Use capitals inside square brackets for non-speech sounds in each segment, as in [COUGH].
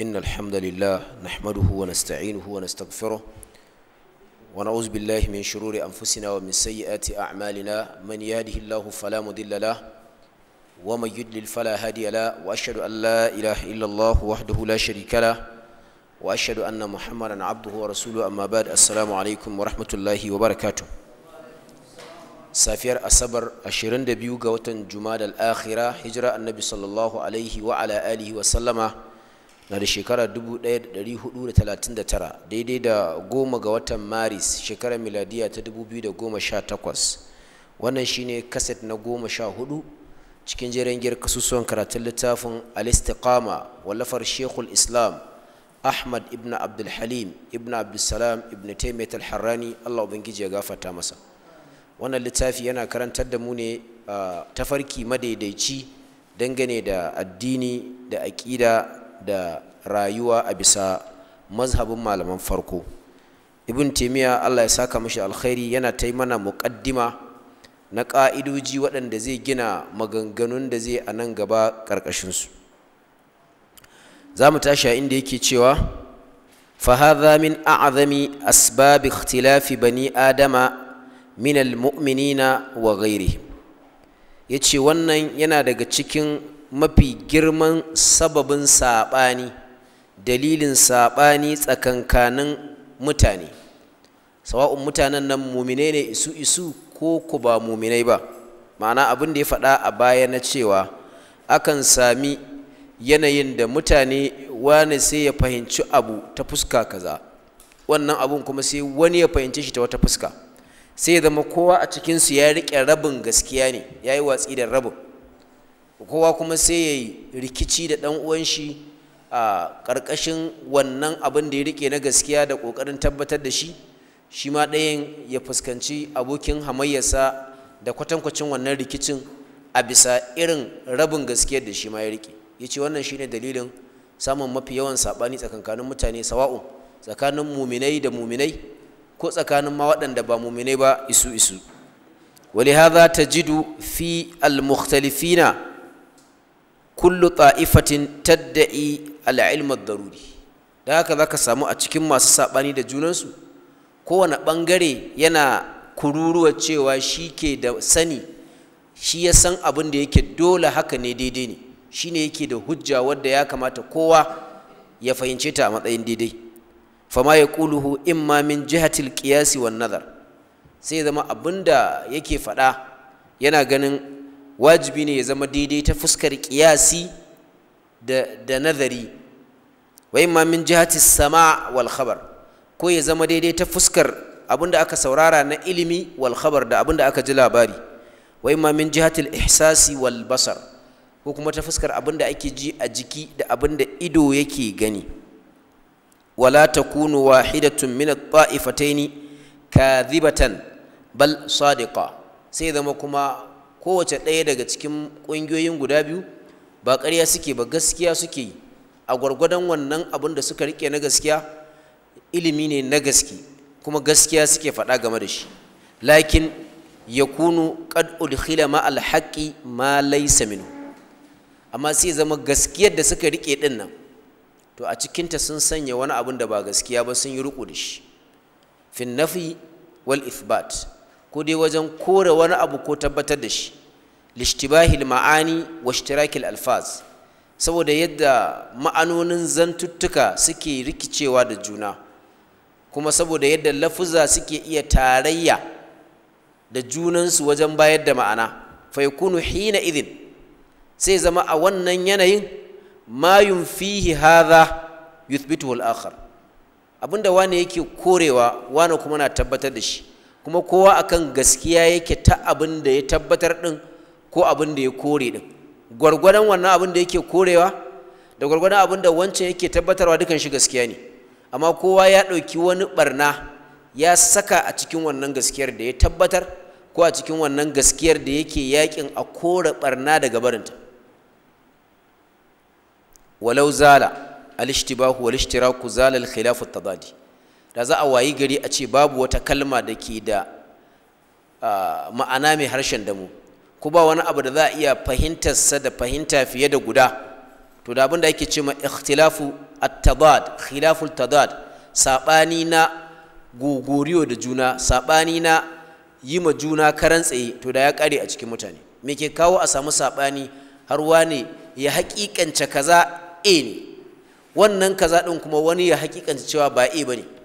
إن الحمد لله نحمده ونستعينه ونستغفره ونعوذ بالله من شرور أنفسنا ومن سيئات أعمالنا من يهده الله فلا مضل له ومن يضلل فلا هادي له وأشهد أن لا إله إلا الله وحده لا شريك له وأشهد أن محمدا عبده ورسوله أما بعد السلام عليكم ورحمة الله وبركاته safiyar asabar 22 ga watan jumadal akhira hijira annabi sallallahu alaihi wa ala alihi wa sallama na da shekara 1439 daidai da goma ga watan maris shekarar miladiya ta 2018 wannan shine kaset na goma sha hudu cikin jirangiyar kasusuwan karatun littafin alistikama wallafar shekul islam ahmad ibn abdulhalim ibn abdulsalam ibn taimiyat alharrani allah ubangiji ya gafata masa wannan littafi yana karantar da mu ne ah, tafarki madaidaici dangane da addini da aƙida da rayuwa a bisa mazhabin malaman farko ibn taimiyya allah ya saka mashi alkhairi yana ta mana muƙaddima na ƙa'idoji waɗanda zai gina maganganun da zai a nan gaba ƙarƙashinsu za mu tashi a inda yake cewa fahaza min a'azami asbabi ikhtilafi bani adama min almu'minina wa ghairihim yace wannan yana daga cikin mafi girman sababin saɓani dalilin saɓani tsakankanin mutane sawa'un mutanen nan muminai ne isu isu ko ku ba muminai ba ma'ana abin da ya faɗa a baya na cewa akan sami yanayin da mutane wani sai ya fahimci abu ta fuska kaza wannan abun kuma sai wani ya fahimci shi ta wata fuska sai ya zama kowa a cikinsu ya riƙe rabin gaskiya ne ya yi watsi da rabin kowa kuma sai ya yi rikici da ɗan uwan shi a ƙarƙashin wannan abin da ya rike na gaskiya da ƙoƙarin tabbatar da shi shi ma ɗayan ya fuskanci abokin hamayyarsa da kwatankwacin wannan rikicin a bisa irin rabin gaskiyar da shi ma ya rike ya ce wannan shine dalilin samun mafi yawan saɓani tsakankanin mutane sawa'un tsakanin muminai da muminai ko tsakanin ma waɗanda ba muminai ba isu isu ولهذا تجد في المختلفين kullu ta'ifatin tadda'i al ad-daruri da haka zaka samu a cikin masu sabani da junansu kowane bangare yana kururuwa cewa shi ke da sani shi ya san abin da yake dole haka ne daidai ne shine yake da hujja wadda ya kamata kowa ya fahimce ta a matsayin daidai fama ya kuluhu imma min jihatil qiyasi wan nazar sai zama abinda yake faɗa yana ganin wajibi ne ya zama daidai ta fuskar kiyasi da nazari wai ma min jihati sama wal khabar ko ya zama daidai ta fuskar abinda aka saurara na ilimi wal khabar da abinda aka ji labari wai ma min jihati ihsasi wal basar ko kuma ta fuskar abinda ake ji a jiki da abinda ido yake gani wala takunu wahidatun min at-ta'ifataini kadhibatan bal sadiqa sai zama kuma kowace ɗaya daga cikin ƙungiyoyin guda biyu ba ƙarya suke ba gaskiya suke yi a gwargwadon wannan abin da suka riƙe na gaskiya ilimi ne na gaske kuma gaskiya suke faɗa game da shi lakin ya kunu ƙad udkhila ma alhaƙi ma laisa minu amma sai zama gaskiyar da suka riƙe ɗin nan to a cikinta sun sanya wani abin da ba gaskiya ba sun yi riƙo da shi fin nafi wal ithbat ko dai wajen kore wani abu ko tabbatar da shi lishtibahil ma'ani wa ishtirakil alfaz saboda yadda ma'anonin zantuttuka suke rikicewa da juna kuma saboda yadda lafuza suke iya tarayya da junansu wajen bayar da ma'ana fa hina idin sai zama a wannan yanayin mayun fihi hadha yuthbituhu al-akhar abinda wane yake korewa wani kuma na tabbatar da shi kuma kowa akan gaskiya yake ta abin da ya tabbatar din ko abin da ya kore din gwargwadon wannan abin da yake korewa da gwargwadon abin da wancan yake tabbatarwa dukan shi gaskiya ne amma kowa ya ɗauki wani barna ya saka a cikin wannan gaskiyar da ya tabbatar ko a cikin wannan gaskiyar da yake yakin a kore barna daga barinta walau zala al-ishtibahu wal-ishtiraku zala al-khilafu at-tadadi da za a wayi gari a ce babu wata kalma da ke da ma'ana mai harshen damu ko ba wani abu da za a iya fahimtarsa da fahimta fiye da guda to da abin da ake ce ma ikhtilafu at-tadad at tadad sabani na gogoriyo da juna sabani na yi ma juna karan tsaye to da ya kare a cikin mutane me ke kawo a samu sabani har wane ya haƙiƙance kaza a ne wannan kaza din kuma wani ya haƙiƙance cewa ba a bane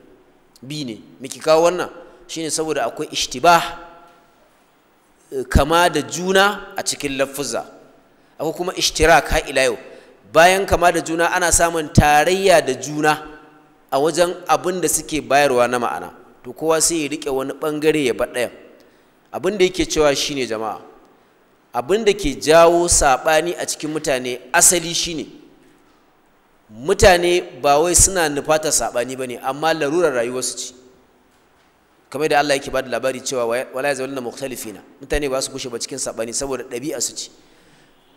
bi ne miki kawo wannan shine saboda akwai ishtibah eh, kama da juna a cikin lafuzza akwai kuma ishtirak har ila yau bayan kama da juna ana samun tarayya da juna a wajen abin da suke bayarwa na ma'ana to kowa sai ya rike wani bangare ya baɗaya abin da yake cewa shine jama'a abin da ke jawo saɓani a cikin mutane asali shine ne mutane ba wai suna nufatar saɓani ba ne amma larurar rayuwarsu ce kamar da Allah yake bada labari cewa wala ya zaune na mukhtalifina mutane ba su kushe ba cikin saɓani saboda ɗabi'a su ce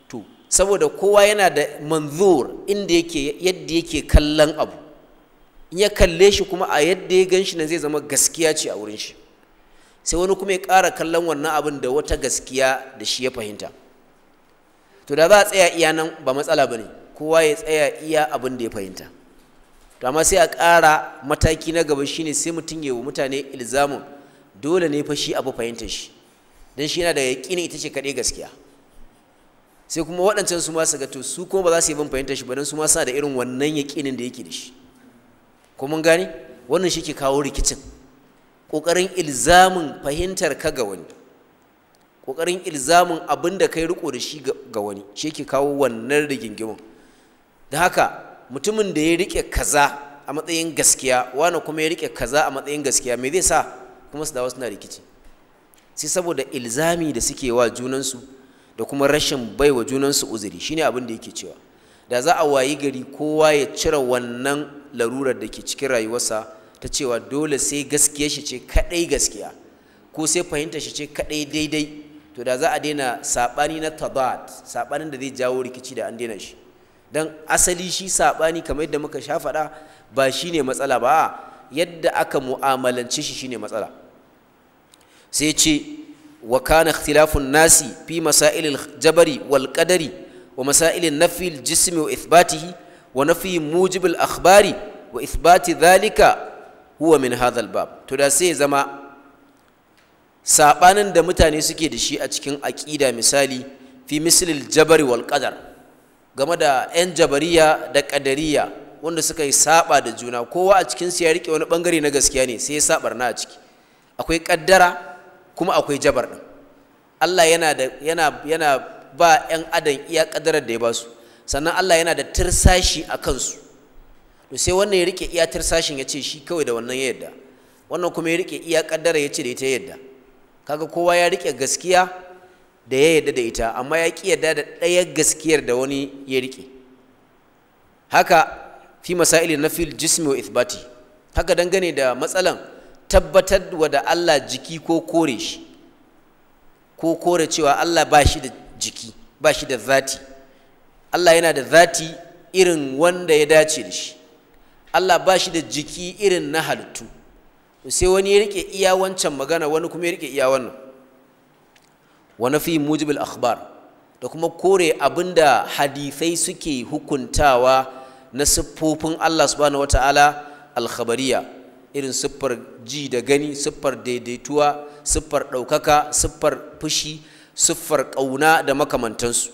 to saboda kowa yana da manzur inda yake yadda yake kallon abu in ya kalle shi kuma a yadda ya ganshi nan zai zama gaskiya ce a wurin shi sai wani kuma ya kara kallon wannan abin da wata gaskiya da shi ya fahimta to da za a tsaya iya nan ba matsala ba ne kowa ya tsaya iya abin da ya fahimta to amma sai a ƙara mataki na gaba shine sai mutum ya wa mutane ilzamin dole ne fa shi abu fahimtar shi don shi yana da yaƙini ita ce kaɗai gaskiya sai kuma waɗancan su ma su ga to su kuma ba za su yi bin fahimtar shi ba don su ma suna da irin wannan yaƙinin da yake da shi ko mun gane wannan shi ke kawo rikicin ƙoƙarin ilzamin fahimtar ka ga wani ƙoƙarin ilzamin abin da kai riƙo da shi ga wani shi ke kawo wannan rigingimin da haka mutumin da ya rike kaza a matsayin gaskiya wani kuma ya rike kaza a matsayin gaskiya me zai sa kuma su dawo suna rikici sai saboda ilzami da suke wa junansu da kuma rashin baiwa junansu uzuri shine abin da yake cewa da za a wayi gari kowa ya cire wannan larurar da ke cikin rayuwarsa ta cewa dole sai gaskiya shi ce kadai gaskiya ko sai fahimta shi ce kadai daidai to da za a daina sabani na tabat sabanin da zai jawo rikici da an daina shi don asali shi saɓani kamar yadda muka sha faɗa ba shi ne matsala ba yadda aka mu'amalance shi shi ne matsala sai ce wa kana ikhtilafun nasi fi masailil jabari wal qadari wa masailin nafil jismi wa ithbatihi wa nafi mujibil akhbari wa ithbati dhalika huwa min hadhal bab to da sai zama sabanin da mutane suke da shi a cikin aqida misali fi mislil jabari wal qadar game da 'yan jabariya da ƙadariya wanda suka yi saɓa da juna kowa a cikinsu ya riƙe wani ɓangare na gaskiya ne sai ya saɓar na a ciki akwai ƙaddara kuma akwai jabar ɗin allah yana, da, yana, yana ba 'yan adam iya ƙaddarar da ya ba su sannan allah yana da tirsashi a kansu to sai wannan ya riƙe iya tirsashin ya ce shi kawai da wannan ya yadda wannan kuma ya riƙe iya ƙaddara ya ce da ita ya yadda kaga kowa ya riƙe gaskiya da ya yarda da ita amma ya ƙi yadda da ɗaya gaskiyar da wani ya riƙe haka fi masaili na fil jismi wa ithbati haka dangane da matsalan tabbatar wa da Allah jiki ko kore shi ko kore cewa Allah ba shi da jiki ba shi da zati Allah yana da zati irin wanda ya dace da shi Allah ba shi da jiki irin na halittu sai wani ya riƙe iya wancan magana wani kuma ya riƙe iya wannan wa nafi mujibil akhbar da kuma kore abinda hadisai suke hukuntawa na siffofin Allah subhanahu wataala alkhabariya irin siffar ji da gani siffar daidaituwa siffar ɗaukaka siffar fushi siffar ƙauna da makamantansu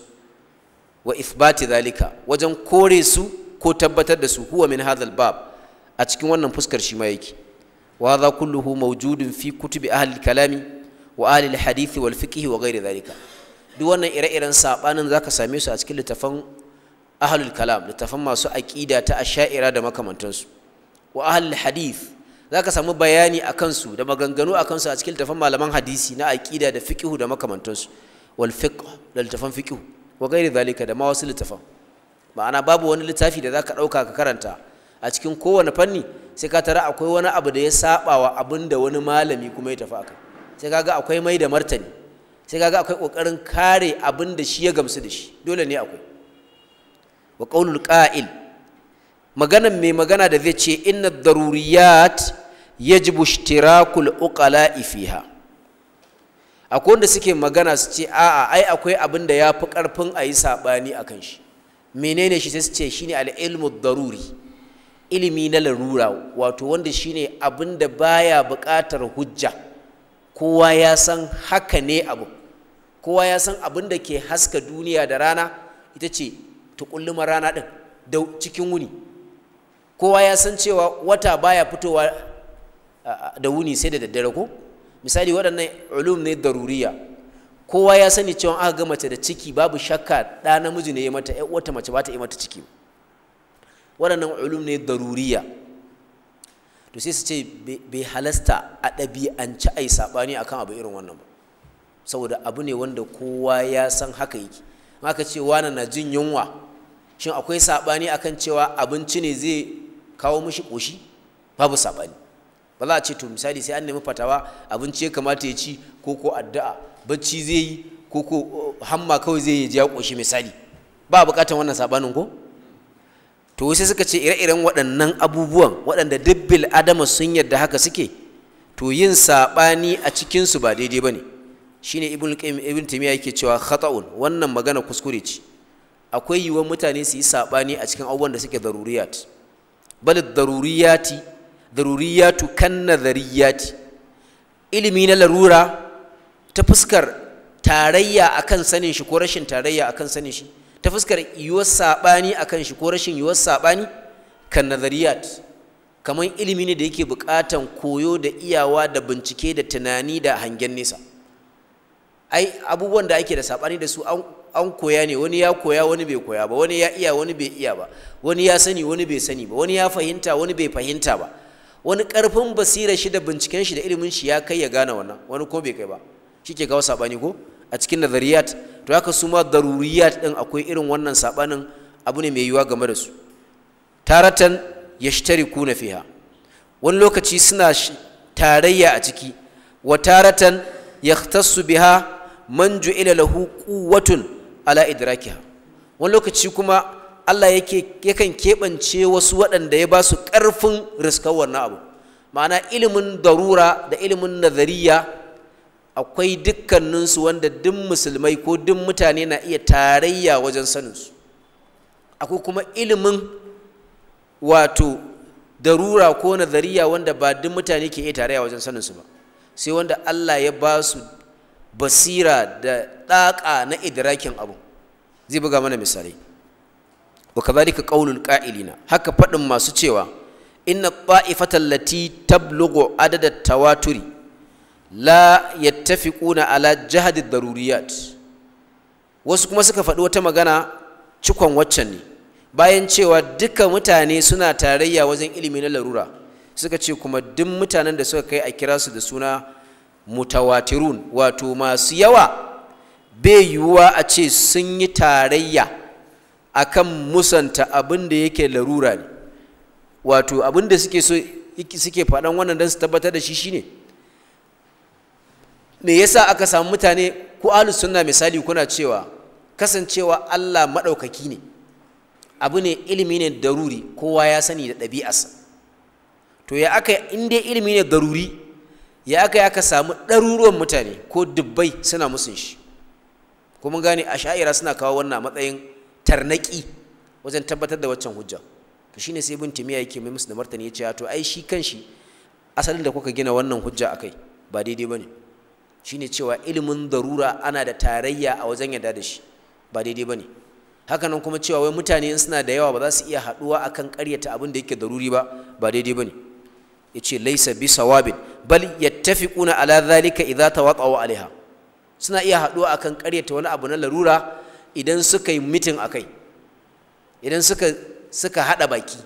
wa ithbati zalika wajen kore su ko tabbatar da su huwa min hadhal bab a cikin wannan fuskar shi ma yake wa hadha kulluhu mawjudun fi kutubi ahli kalami wa alil hadithi wal fiqhi wa ghairi dhalika duk wannan ire-iren sabanin zaka same su a cikin littafan ahlul kalam littafan masu aqida ta asha'ira da makamantansu wa ahlul hadith zaka samu bayani akan su da maganganu akan su a cikin littafan malaman hadisi na aqida da fiqhu da makamantansu wal fiqh da littafan fiqhu wa ghairi dhalika da ma wasu littafan ma'ana babu wani littafi da zaka dauka ka karanta a cikin kowane fanni sai ka tara akwai wani abu da ya saba wa abin da wani malami kuma ya tafi akai sai kaga akwai mai da martani sai kaga akwai kokarin kare abin da shi ya gamsu da shi dole ne akwai wa qaulul qa'il magana mai magana da zai ce inna daruriyat yajibu ishtirakul uqala fiha akwai wanda suke magana su ce a'a ai akwai abin da ya fi ƙarfin a yi saɓani a kan shi menene shi sai su ce shine al'ilmu daruri ilimi na larura wato wanda shine abin da baya buƙatar hujja kowa ya san haka ne abu kowa ya san abin da ke haska duniya da rana ita ce tukulluma rana ɗin da cikin wuni kowa ya san cewa wata baya fitowa da wuni sai da daddare ko misali waɗannan ulum ne daruriya kowa ya sani cewa aka ga mace da ciki babu shakka ɗa namiji ne ya mata wata mace ba ta yi mata ciki waɗannan ulum ne daruriya to sai su ce bai halasta a ɗabi'anci a yi saɓani kan abu irin wannan ba saboda abu ne wanda kowa ya san haka yake aka ce wana na jin yunwa shin akwai saɓani a kan cewa abinci ne zai kawo mishi ƙoshi babu saɓani ba za a ce to misali sai an nemi fatawa abinci ya kamata ya ci ko ko addu'a bacci zai yi ko ko eh, hamma kawai zai ya ji ya ƙoshi misali ba a buƙatar wannan saɓanin ko to sai suka ce ire-iren waɗannan abubuwan waɗanda dubbil adama sun yadda haka suke to yin saɓani a cikinsu ba daidai ba ne shine ne ibn timiya yake cewa khata'un wannan magana kuskure ce akwai yiwuwar mutane su yi saɓani a cikin abubuwan da suke zaruriyat bali kan nazariyati ilimi na larura ta fuskar tarayya akan sanin shi ko rashin tarayya akan sanin shi ta fuskar yiwuwar saɓani a kan shi ko rashin yiwuwar saɓani kan nazariyat kamar ilimi ne da yake buƙatan koyo da iyawa da bincike da tunani da hangen nesa ai abubuwan da ake da saɓani da su an koya ne wani ya koya wani bai koya ba wani ya iya wani bai iya ba wani ya sani wani bai sani ba wani ya fahimta wani bai fahimta ba wani ƙarfin basira shi da binciken shi da ilimin shi ya kai ya gane wannan wani ko bai kai ba shi ke kawo saɓani ko a cikin nazariyat to haka su ma daruriyat din akwai irin wannan sabanin abu ne mai yiwuwa game da su taratan na fiha wani lokaci suna tarayya a ciki wa taratan yahtassu biha man ju'ila lahu quwwatun ala idrakiha wani lokaci kuma Allah yake yakan keɓance wasu waɗanda ya ba su ƙarfin riskar wannan abu ma'ana ilimin darura da ilimin nazariya akwai dukkaninsu wanda duk musulmai ko duk mutane na iya tarayya wajen saninsu akwai kuma ilimin wato darura ko nazariya wanda ba duk mutane ke iya tarayya wajen saninsu ba sai wanda Allah ya ba su basira da ɗaƙa na idrakin abu zai buga mana misalai wa kadhalika qaulul qa'ilina haka faɗin masu cewa inna ta'ifatan lati tablughu adada tawaturi la yattafiquna ala jahadi daruriyat wasu kuma suka faɗi wata magana cikon waccan ne bayan cewa duka mutane suna tarayya wajen ilimi na larura suka ce kuma duk mutanen da suka kai a kira su da suna mutawatirun wato masu yawa bai yiwuwa a ce sun yi tarayya akan musanta abin da yake larura ne wato abin da suke so suke faɗan wannan don su tabbatar da shi shine ne me yasa aka samu mutane ku ahlus sunna misali kuna cewa kasancewa Allah maɗaukaki ne abu ne ilimi ne daruri kowa ya sani da ɗabi'arsa to ya aka in dai ilimi ne daruri ya aka ya aka samu ɗaruruwan mutane ko dubbai suna musun shi ko mun gane a sha'ira suna kawo wannan matsayin tarnaki wajen tabbatar da waccan hujja to shine sai ibn timiya yake mai musu da martani ya ce to ai shi kanshi asalin da kuka gina wannan hujja akai ba daidai ba ne. shine cewa ilimin darura ana da tarayya a wajen yadda da shi ba daidai ba ne hakanan kuma cewa wai mutane in suna da yawa ba za su iya haduwa akan karyata abin da yake daruri ba ba daidai ba ne. ya ce laisa bi sawabin bal yattafiquna ala ta idza wa alaiha suna iya haduwa akan karyata wani abu na larura idan suka yi mitin akai idan suka suka hada baki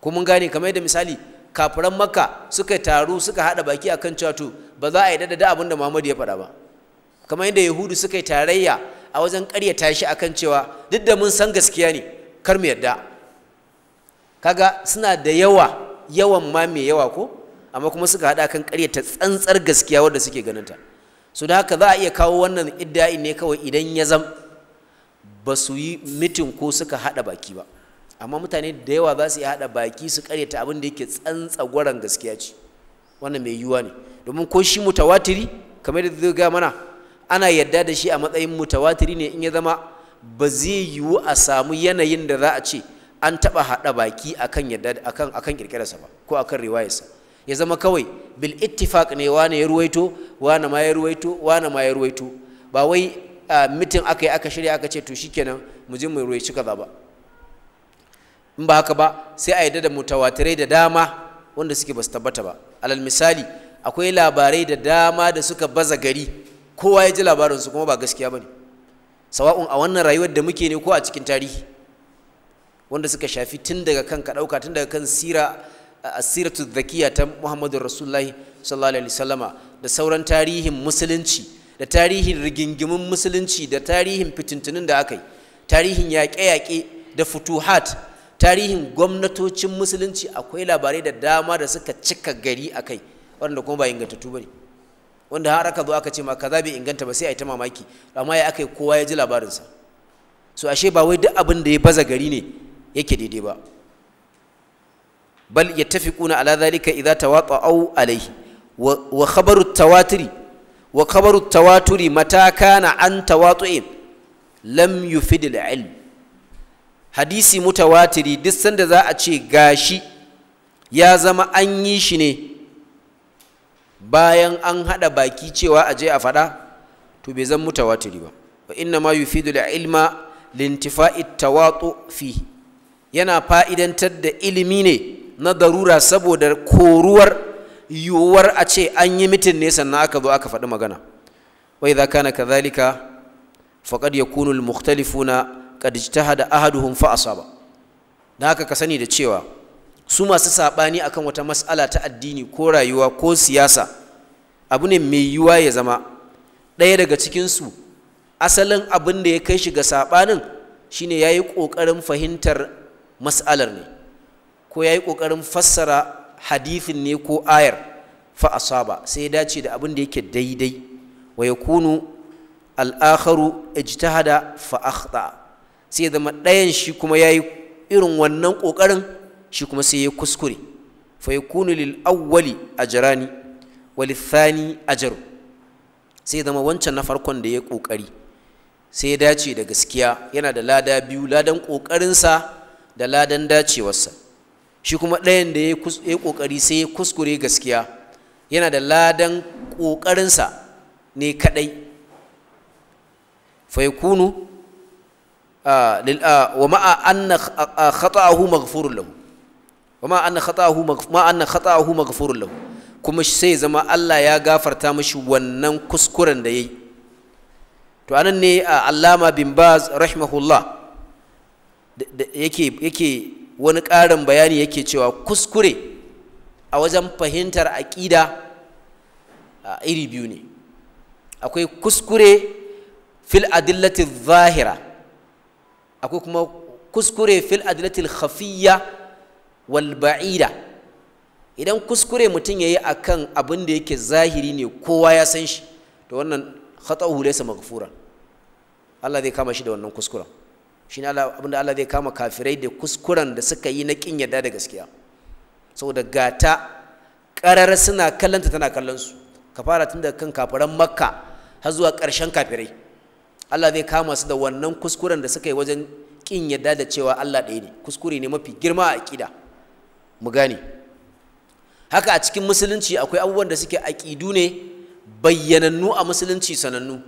kuma gane kamar yadda misali kafiran makka suka taru suka hada baki akan cewa to ba za a yi da abin da muhammadu ya faɗa ba kamar yadda yahudu suka yi tarayya a wajen ƙaryata shi kan cewa duk da mun san gaskiya ne kar mu yarda kaga suna da yawa yawan ma mai yawa ko amma kuma suka haɗa kan ƙaryata tsantsar gaskiya wadda suke ganin ta su da haka za a iya kawo wannan idda'in ne kawai idan ya zam ba su yi mitin ko suka haɗa baki ba amma mutane da yawa za su iya haɗa baki su karyata abin da yake tsantsa gwaran gaskiya ce wannan mai yiwuwa ne domin ko shi mutawatiri kamar da zai ga mana ana yadda da shi a matsayin mutawatiri ne in ya zama ba zai yiwu a samu yanayin da za a ce an taɓa haɗa baki akan yadda akan akan kirkirarsa ba ko akan riwayarsa ya zama kawai bil ittifaq ne wani ya ruwaito wani ma ya ruwaito wani ma ya ruwaito ba wai ah, mitin aka yi aka shirya aka ce to shikenan mu je mu ruwaici kaza ba in ba haka ba sai a yadda da mutawatirai da dama wanda suke basu tabbata ba alal misali akwai labarai da dama da suka baza gari kowa ya ji labarinsu kuma ba gaskiya ba ne sawa'un a wannan rayuwar da muke ne ko a cikin tarihi wanda suka shafi tun daga kan ka ɗauka tun daga kan sira asiratu zakiya ta muhammadu rasulullahi sallallahu alaihi wasallama da sauran tarihin musulunci da tarihin rigingimin musulunci da tarihin fitintunin da aka yi tarihin yaƙe-yaƙe da futuhat tarihin gwamnatocin musulunci akwai labarai da dama da suka cika gari a kai waɗanda kuma ba ingantattu ba ne wanda har aka zo aka ce ma kaza bai inganta ba sai a yi ta mamaki amma ya aka yi kowa ya ji labarinsa so ashe ba wai duk abin da ya baza gari ne yake daidai ba bal yattafiquna ala zalika idza tawata'u alayhi wa khabaru tawatiri wa khabaru tawaturi mata kana an tawatu'in lam yufidil ilm hadisi mutawatiri duk sanda za a ce gashi ya zama an yi shi ne bayan an haɗa baki cewa a je a faɗa to bai zan mutawatiri ba wa inna ma yufidu da ilma lintifa'i tawatu fi yana fa'idantar da ilimi ne na darura saboda koruwar yiwuwar a ce an yi mitin ne sannan aka zo aka faɗi magana wai za kana kazalika faƙad ya kunul mukhtalifuna qad ijtahada ahaduhum fa asaba dan haka ka sani da cewa su masu sabani akan wata mas'ala ta addini ko rayuwa ko siyasa abu ne mai yiwuwa ya zama ɗaya daga cikin su asalin abin da ya kai shi ga sabanin shine yayi kokarin fahimtar mas'alar ne ko yayi kokarin fassara hadithin ne ko ayar fa asaba sai ya dace da abin da yake daidai wa yakunu al-akharu ijtahada fa akhta sai ya zama ɗayan shi kuma ya yi irin wannan ƙoƙarin shi kuma sai ya kuskure fa yakunu lil awwali ajrani wa lil thani ajru sai zama wancan na farkon da ya ƙoƙari sai ya dace da gaskiya yana da lada biyu ladan ƙoƙarinsa da ladan dacewarsa shi kuma ɗayan da ya yi ƙoƙari sai ya kuskure gaskiya yana da ladan ƙoƙarinsa ne kaɗai faikunu wa ma'a anna khata'ahu maghfurun lahu ma anna khata'ahu maghfurun kuma sai zama Allah ya gafarta mashi wannan kuskuren da yayi to anan ne Allama bin Baz rahimahullah yake yake wani ƙarin bayani yake cewa kuskure a wajen fahimtar aƙida iri biyu ne akwai kuskure fil adillati zahira akwai kuma kuskure fil adlatil khafiyya wal ba'ida idan kuskure mutum yayi akan abin da yake zahiri ne kowa ya san shi to wannan khata'uhu laysa maghfura Allah zai kama shi da wannan kuskuren shine Allah abinda Allah zai kama kafirai da kuskuren da suka yi na kin yadda da gaskiya saboda gata ƙarar suna kallanta tana kallon su ka fara tun daga kan kafiran makka har zuwa ƙarshen kafirai Allah zai kama su da wannan kuskuren da suka yi wajen kin yadda da cewa Allah ɗaya ne kuskure ne mafi girma a aƙida mu gane haka a cikin musulunci akwai abubuwan da suke aƙidu ne bayyanannu a musulunci sanannu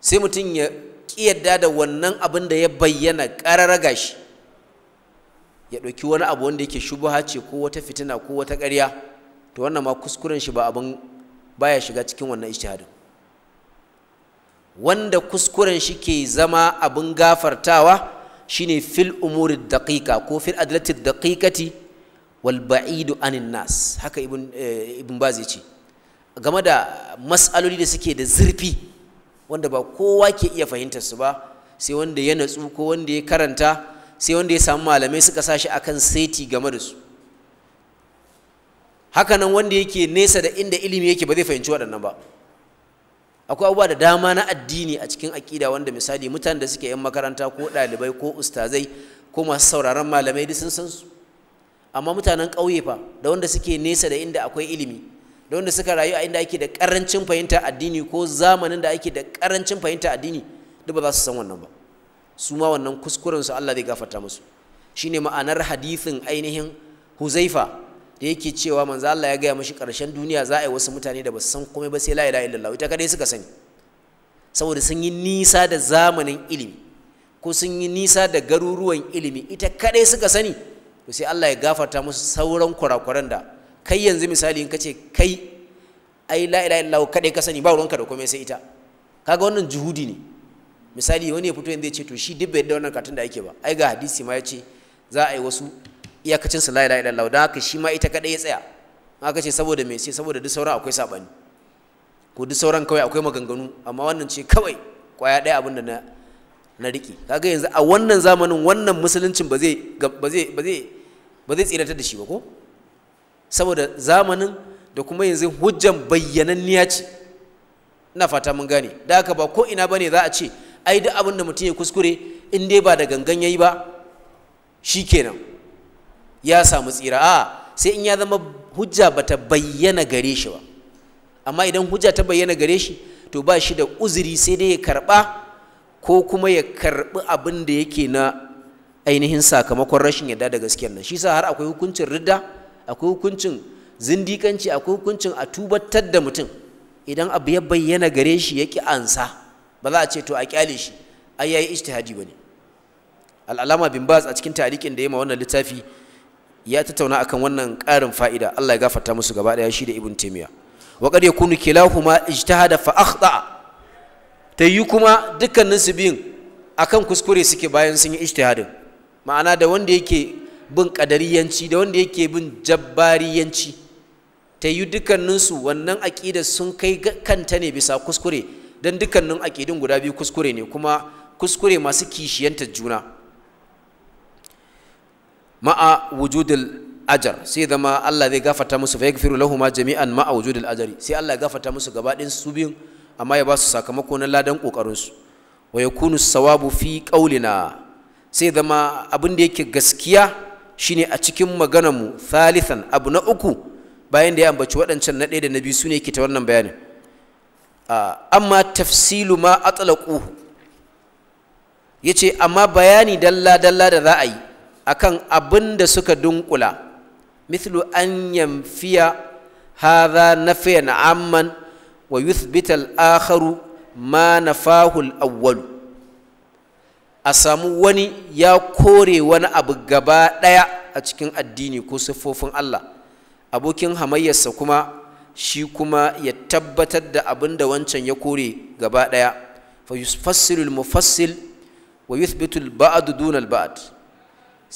sai mutum ya ƙi yadda da wannan abin da ya bayyana ƙararraga shi ya ɗauki wani abu wanda yake shubuha ce ko wata fitina ko wata ƙarya to wannan ma kuskuren shi ba abin baya shiga cikin wannan ijtihadin wanda kuskuren shi ke zama abin gafartawa shine fil umuri daƙiƙa ko fil adalati daƙiƙati wal ba'idu anin nas haka ibn eh, ibn baz ce game da mas'aloli da suke da zurfi wanda ba kowa ke iya fahimtar su ba sai wanda ya natsu ko wanda ya karanta sai wanda ya samu malamai suka sa shi akan saiti game da su hakanan wanda yake nesa da inda ilimi yake ba zai fahimci waɗannan ba akwai abubuwa da dama na addini a cikin aƙida wanda misali mutanen da suke 'yan makaranta ko ɗalibai ko ustazai ko masu sauraron malamai duk sun san su amma mutanen ƙauye fa da wanda suke nesa da inda akwai ilimi da wanda suka rayu a inda ake da ƙarancin fahimta addini ko zamanin da ake da ƙarancin fahimta addini duk ba za su san wannan ba su ma wannan kuskuren su Allah zai gafarta musu shine ma'anar hadisin ainihin Huzaifa da yake cewa manzo Allah ya gaya mashi karshen duniya za a yi wasu mutane da ba su san komai ba sai la ilaha illallah ita kadai suka sani saboda sun yi nisa da zamanin ilimi ko sun yi nisa da garuruwan ilimi ita kadai suka sani to sai Allah ya gafarta musu sauran kurakuran da kai yanzu misali in kace kai ai la ilaha illallah kadai ka sani ba ruwanka da komai sai ita kaga wannan juhudi ne misali wani ya fito yanzu ya ce to shi duk bai da wannan katun da yake ba ai ga hadisi ma ya ce za a yi wasu iyakacin sa la ilaha illallah haka shi ma ita kadai ya tsaya haka ce saboda me sai saboda duk sauran akwai sabani ko duk sauran kawai akwai maganganu amma wannan ce kawai kwaya daya abin da na na kaga yanzu a wannan zamanin wannan musuluncin ba zai ba tsiratar da shi ba ko saboda zamanin da kuma yanzu hujjan bayyananniya ce ina fata mun gane da haka ba ko ina bane za a ce ai duk abin da mutum ya kuskure in dai ba da gangan yayi ba shikenan ya samu tsira a sai in ya zama hujja bata bayyana gare shi ba amma idan hujja ta bayyana gare shi to ba shi da uzuri sai dai ya karba ko kuma ya karbi abin da yake na ainihin sakamakon rashin yarda da gaskiyar nan shi sa har akwai hukuncin ridda akwai hukuncin zindikanci akwai hukuncin a tubatar da mutum idan abu ya bayyana gare shi ya ki ansa ba za a ce to a kyale shi ai yayi ijtihadi bane al'alama bin baz a cikin tarikin da ya ma wannan littafi ya tattauna akan wannan ƙarin fa'ida Allah ya gafarta musu gaba ɗaya shi da ibn taimiya wa qad yakunu kilahuma ijtahada fa akhta ta kuma dukkanin su biyun akan kuskure suke bayan sun yi ijtihadin ma'ana da wanda yake bin kadariyanci da wanda yake bin jabbariyanci ta yi dukkanin su wannan aqida sun kai kanta ne bisa kuskure dan dukkanin aqidin guda biyu kuskure ne kuma kuskure masu kishiyanta juna ma'a wujudil ajar sai zama Allah zai gafata musu fa yaghfiru lahum jami'an ma'a wujudil ajari sai Allah ya gafarta musu gaba din su biyun amma ya ba su sakamako na ladan kokarin su wa yakunu sawabu fi qaulina sai zama abin da yake gaskiya shine a cikin maganar mu thalithan abu na uku bayan da ya ambaci waɗancan na ɗaya da na biyu sune yake ta wannan bayanin amma tafsilu ma atlaquhu yace amma bayani dalla dalla da za a yi akan abin da suka dunkula mithlu an yamfiya hadha na amman wa yuthbita al-akharu ma nafahu al-awwal a samu wani ya kore wani abu gaba daya a cikin addini ko siffofin Allah abokin hamayyarsa kuma shi kuma ya tabbatar da abin da wancan ya kore gaba daya fa yufassiru mufassil wa yuthbitul ba'adu bad duna bad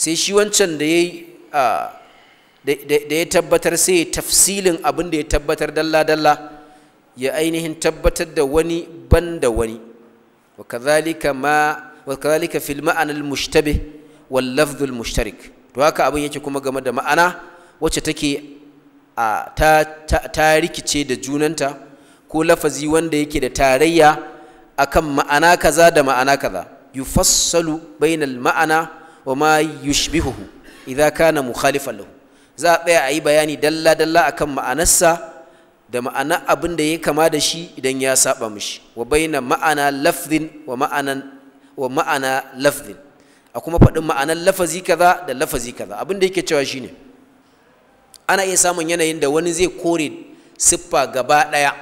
sai shi wancan da ya da ya tabbatar sai tafsilin abin da ya tabbatar dalla-dalla ya ainihin tabbatar da wani ban da wani wa kazalika fil ma'anal mushtabih wal lafzul mushtarik to haka abin yake kuma game da ma'ana wacce take a ta rikice da junanta ko lafazi wanda yake da tarayya akan ma'ana kaza da ma'ana kaza yufassalu bainal ma'ana wa ma yushbihuhu idza kana mukhalifan lahu za a tsaya a yi bayani dalla dalla akan ma'anarsa da ma'ana abin da ya kama da shi idan ya saba mishi wa baina ma'ana lafzin wa wa ma'ana lafzin a kuma faɗin ma'anar lafazi kaza da lafazi kaza abin da yake cewa shine ana iya samun yanayin da wani zai kore siffa gaba ɗaya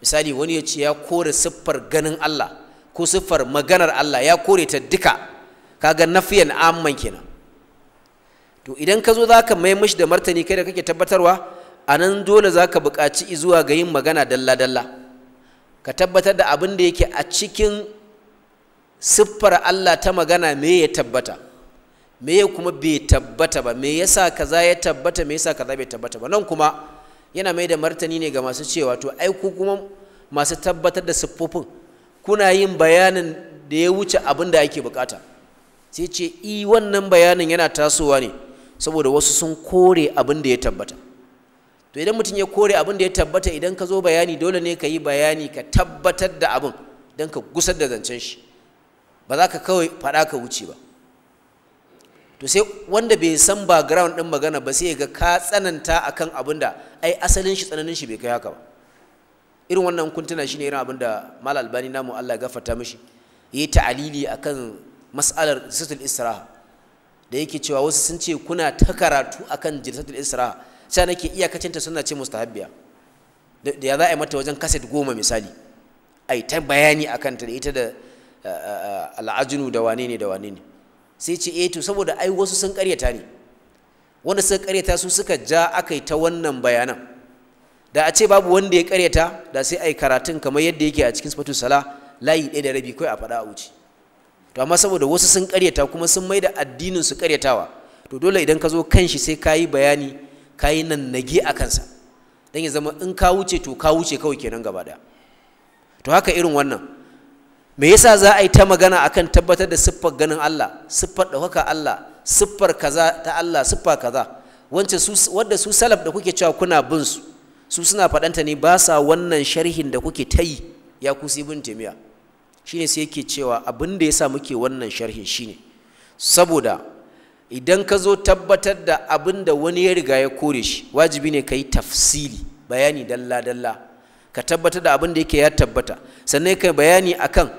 misali wani ya ce ya kore siffar ganin Allah ko siffar maganar Allah ya kore ta duka kaga nafiyan amman kenan to idan ka zo zaka mai mishi da martani kai da kake tabbatarwa a nan dole zaka buƙaci zuwa ga yin magana dalla dalla ka tabbatar da abin da yake a cikin siffar Allah ta magana me ya tabbata me ya kuma bai tabbata ba me yasa kaza ya tabbata me yasa kaza bai tabbata ba nan kuma yana mai da martani ne ga masu cewa to ai ku kuma masu tabbatar da siffofin kuna yin bayanin da ya wuce abin da ake bukata sai ce i wannan bayanin yana tasowa ne saboda wasu sun kore abin da ya tabbata to idan mutum ya kore abin da ya tabbata idan ka zo bayani dole ne ka yi bayani ka tabbatar da abin don ka gusar da zancen shi ba za ka kawai faɗa ka wuce ba to sai wanda bai san background ɗin magana ba sai ya ga ka tsananta akan abin da ai asalin shi tsananin shi bai kai haka ba irin wannan kuntuna shine irin abin da mal albani namu Allah gafarta mishi yayi ta'alili akan mas'alar jilsatul isra da yake cewa wasu sun ce kuna ta karatu a akan jilsatul isra sai nake iyakacinta suna ce mustahabbiya da ya za a yi mata wajen kaset goma misali a yi ta bayani a kanta da ita da al'ajinu da wane ne da wane ne sai ce eh to saboda ai wasu sun karyata ne wanda suka karyata su suka ja aka yi ta wannan bayanan da a ce babu wanda ya karyata da sai a yi karatun kamar yadda yake a cikin sifatu sala layi ɗaya da rabi kawai a faɗa a wuce to amma saboda wasu sun karyata kuma sun maida addinin su karyatawa to dole idan ka zo kan shi sai kayi bayani kayi nan nage a kansa dan ya zama in ka wuce to ka wuce kawai kenan gaba daya to haka irin wannan me yasa za a yi ta magana akan tabbatar da siffar ganin Allah siffar ɗaukaka Allah siffar kaza ta Allah siffa kaza wancan su wanda su salaf da kuke cewa kuna bin su su suna faɗanta ne ba sa wannan sharhin da kuke ta yi ya kusi bin taimiya shi ne sai yake cewa abin da ya sa muke wannan sharhin shi ne saboda idan ka zo tabbatar da abin da wani ya riga ya kore shi wajibi ne ka yi tafsili bayani dalla dalla ka tabbatar da abin da yake ya tabbata sannan ka bayani akan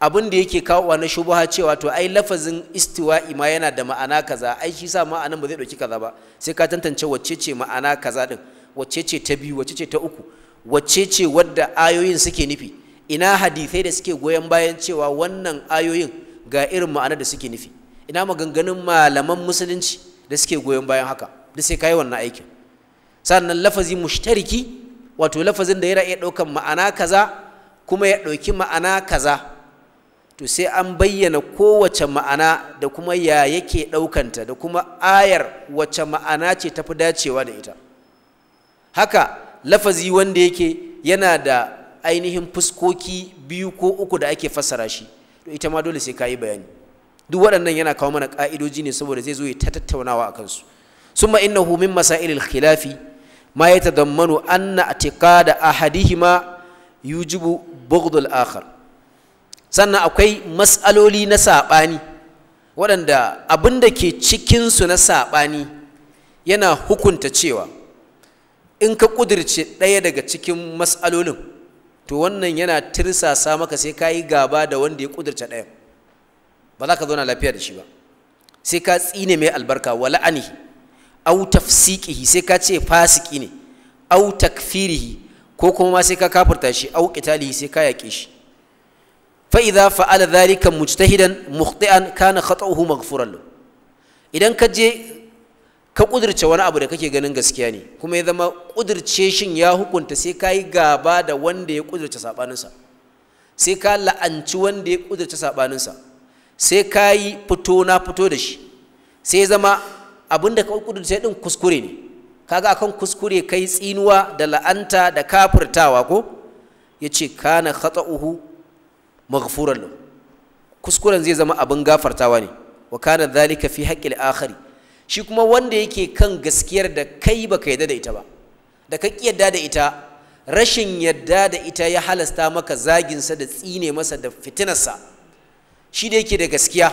abin da yake kawo na shubuha cewa to ai lafazin istiwa'i ma yana da ma'ana kaza ai shi sa ma'anan ba zai dauki kaza ba sai ka tantance wacce ce ma'ana kaza din wacce ce ta biyu wacce ce ta uku wacce ce wadda ayoyin suke nufi ina hadisai da suke goyon bayan cewa wannan ayoyin ga irin ma'ana da suke nufi ina maganganun malaman musulunci da suke goyon bayan haka da sai kai wannan aikin sannan lafazi mushtariki wato lafazin da yana iya ɗaukan ma'ana kaza kuma ya ɗauki ma'ana kaza to sai an bayyana kowace ma'ana da kuma ya yake ɗaukanta da kuma ayar wace ma'ana ce tafi dacewa da ita haka lafazi wanda yake yana da ainihin fuskoki biyu ko uku da ake fassara shi to ita ma dole sai kayi bayani duk waɗannan yana kawo mana ƙa'idoji ne saboda zai zo ya ta tattaunawa a kansu summa innahu min masailil khilafi ma yatadammanu anna atiqada ahadihima yujibu bugdul akhar sannan akwai mas'aloli na saɓani waɗanda abin da ke cikinsu na saɓani yana hukunta cewa in ka kudirce ɗaya daga cikin mas'alolin to wannan yana tirsasa maka sai ka yi gaba da wanda ya kudurta ɗaya ba za ka zauna lafiya da shi ba sai ka tsine mai albarka wa la'ani au tafsiqihi sai ka ce fasiki ne au takfirihi ko kuma ma sai ka kafirta shi au qitalihi sai ka yaƙe shi fa idza fa'ala dhalika mujtahidan mukhti'an kana khata'uhu maghfuran idan ka je ka kudirce wani abu da kake ganin gaskiya ne kuma ya zama ƙudurce shin ya hukunta sai ka yi gaba da wanda ya kudirce saɓaninsa sai ka la'anci wanda ya kudirce saɓaninsa sai ka yi fito na fito da shi sai ya zama abin da ka ƙudurce ɗin kuskure ne kaga akan kuskure ka yi tsinuwa da la'anta da kafirtawa ko ya ce ka na khata'uhu maghfuran lahu kuskuren zai zama abin gafartawa ne wa kana dhalika fi haqqil akhari shi kuma wanda yake kan gaskiyar da kai baka yadda da ita ba da ka yadda da ita rashin yadda da ita ya halasta maka zaginsa da tsine masa da fitinarsa shi da yake da gaskiya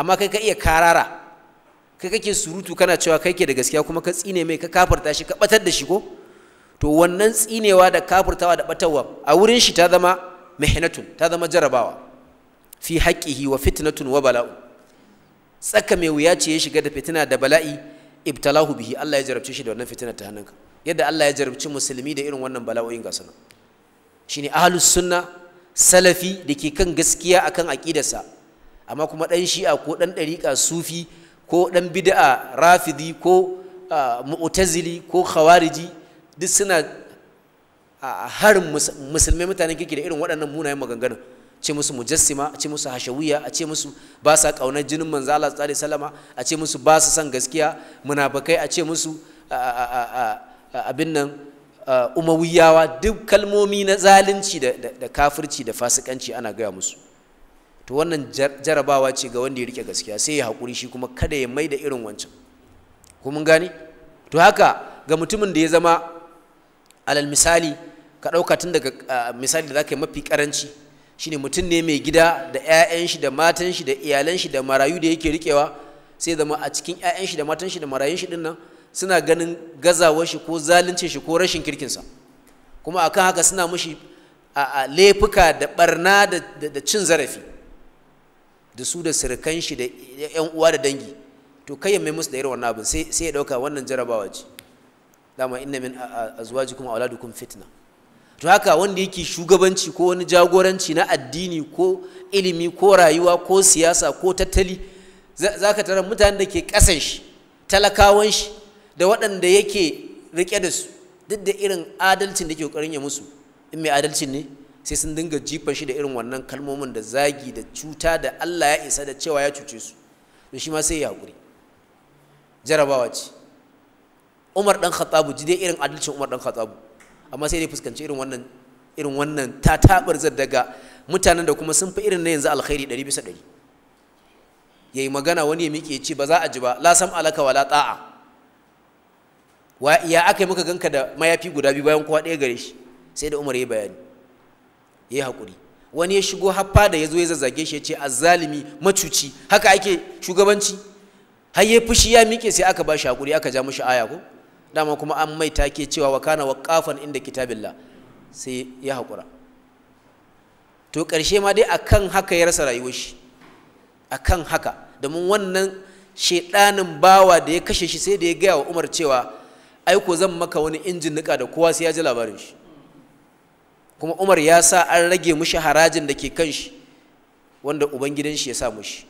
amma kai ka iya karara kai kake surutu kana cewa kai ke da gaskiya kuma ka tsine mai ka kafarta shi ka batar da shi ko to wannan tsinewa da kafurtawa da batarwa a wurin shi ta zama mihnatun ta zama jarabawa fi haqqihi wa fitnatun wa bala'u tsaka mai wuya ce ya shiga da fitina da bala'i ibtalahu bihi Allah ya jarabce shi da wannan fitina ta hannunka yadda Allah ya jarabci musulmi da irin wannan bala'o'in ga shi shine ahlus sunna salafi da ke kan gaskiya akan aqidarsa amma kuma ɗan shi'a ko ɗan dariqa sufi ko dan bida'a rafidi ko mu'tazili ko khawariji duk suna harin musulmai mutanen kirki da irin waɗannan munayen maganganun ce musu mujassima a ce musu hashawiya a ce musu ba sa kaunar jinin manzo Allah sallallahu alaihi a ce musu ba su san gaskiya munafikai a ce musu abin nan umawiyawa duk kalmomi na zalunci da kafirci da fasikanci ana gaya musu to wannan jarabawa ce ga wanda ya rike gaskiya sai ya haƙuri shi kuma kada ya mai da irin wancan ko mun gane to haka ga mutumin da ya zama alal misali ka ɗauka tun daga misali da za ka yi mafi ƙaranci shine mutum ne mai gida da 'ya'yan shi da matan shi da iyalan shi da marayu da yake rikewa sai zama a cikin 'ya'yan shi da matan shi da marayun shi dinnan suna ganin gazawar shi ko zalunci shi ko rashin kirkinsa kuma akan haka suna mushi a laifuka da barna da cin zarafi da su da sirkan shi da 'yan uwa da dangi to kai mai musu da irin wannan abin sai ya dauka wannan jarabawa ce dama inna min azwajikum auladukum fitna to haka wanda yake shugabanci ko wani jagoranci na addini ko ilimi ko rayuwa ko siyasa ko tattali za ka tara mutanen da ke ƙasan shi talakawan shi da waɗanda yake rike da su duk da irin adalcin da ke ƙoƙarin ya musu in mai adalcin ne sai sun dinga jifan shi da irin wannan kalmomin da zagi da cuta da Allah ya isa da cewa ya cuce su to shi ma sai ya haƙuri jarabawa ce Umar dan Khattabu ji irin adalcin Umar dan Khattabu amma sai dai fuskanci irin wannan irin wannan tatabar daga mutanen da kuma sun fi irin na yanzu alkhairi ɗari bisa ɗari yayi magana wani ya miƙe ce ba za a ji ba la sam alaka wala ta'a wa ya aka muka maka ganka da mayafi guda biyu bayan kowa ɗaya gare shi sai da umar ya bayani ya yi haƙuri wani ya shigo haffa da ya zo ya zazzage shi ya ce azzalimi macuci haka ake shugabanci har ya fushi ya miƙe sai aka ba shi haƙuri aka ja mashi aya ko dama kuma an mai take cewa wa kana wa kafan inda kitabillah sai ya haƙura to ƙarshe ma dai akan haka ya rasa rayuwar shi akan haka domin wannan shedanin bawa da ya kashe shi sai da ya gaya wa Umar cewa ai ko zan maka wani injin nika da kowa sai ya ji labarin shi kuma Umar ya sa an rage mushi harajin da ke kan shi wanda ubangidan shi ya sa mushi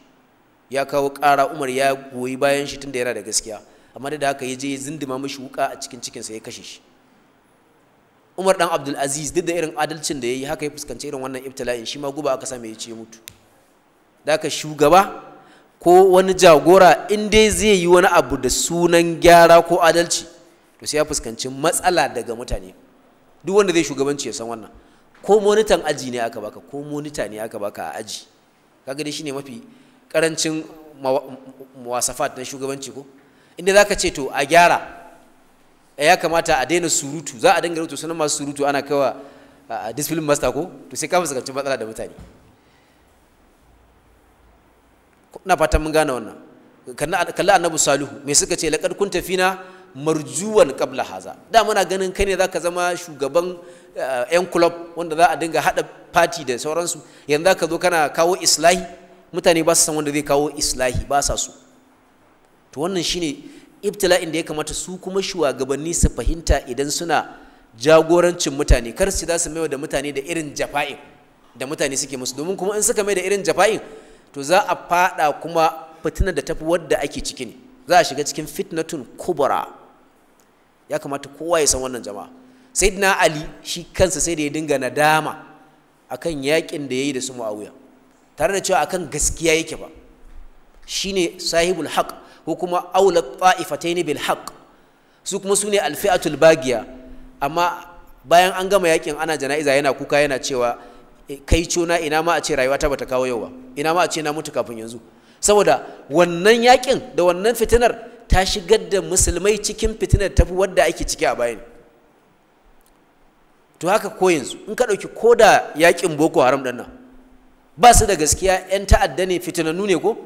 ya kawo ƙara Umar ya goyi bayan shi tunda yana da gaskiya amma da haka ya je ya zindima mishi wuka a cikin cikinsa ya kashe shi umar dan abdul aziz duk da irin adalcin da ya yi haka ya fuskanci irin wannan ibtila'in shi ma guba aka same ya ce mutu da haka shugaba ko wani jagora in dai zai yi wani abu da sunan gyara ko adalci to sai ya fuskanci matsala daga mutane duk wanda zai shugabanci ya san wannan ko monitan aji ne aka baka ko monita ne aka baka a aji kaga dai shine mafi karancin mawasafat na shugabanci ko inda ka ce to a gyara eh, ya kamata a daina surutu za a dinga rutu sunan masu surutu ana wa discipline master ko to sai ka fuskanci matsala da mutane na fatan mun gane wannan kalla annabi salihu mai suka ce laqad kunta fina marjuwan qabla haza da muna ganin kai ne zaka zama shugaban yan kulob wanda za a dinga hada party da sauransu yanzu za ka zo kana kawo islahi mutane ba su san wanda zai kawo islahi ba sa so to wannan shine ibtila'in da ya kamata su kuma shugabanni su fahimta idan suna jagorancin mutane kar su za su maiwa da mutane da irin jafa'in da mutane suke musu domin kuma in suka mai da irin jafa'in to za a fada kuma fitina da tafi wadda ake ciki ne za a shiga cikin fitnatun kubra ya kamata kowa ya san wannan jama'a sayyidina ali shi kansa sai da ya dinga nadama akan yakin da yayi da su muawiya tare da cewa akan gaskiya yake ba shine sahibul haqq ko kuma aula ta'ifataini bil haqq su kuma sune al fi'atul bagiya amma bayan an gama yakin ana jana'iza yana kuka yana cewa eh, kai cona ina ma a ce rayuwa ta bata kawo yau ba ina ma a ce na mutu kafin yanzu saboda wannan yakin da wannan fitinar ta shigar da musulmai cikin fitinar tafi wadda ake ciki a bayan to haka ko yanzu in ka ɗauki ko da yakin boko haram ɗan nan ba su da gaskiya 'yan ta'adda ne fitinannu ne ko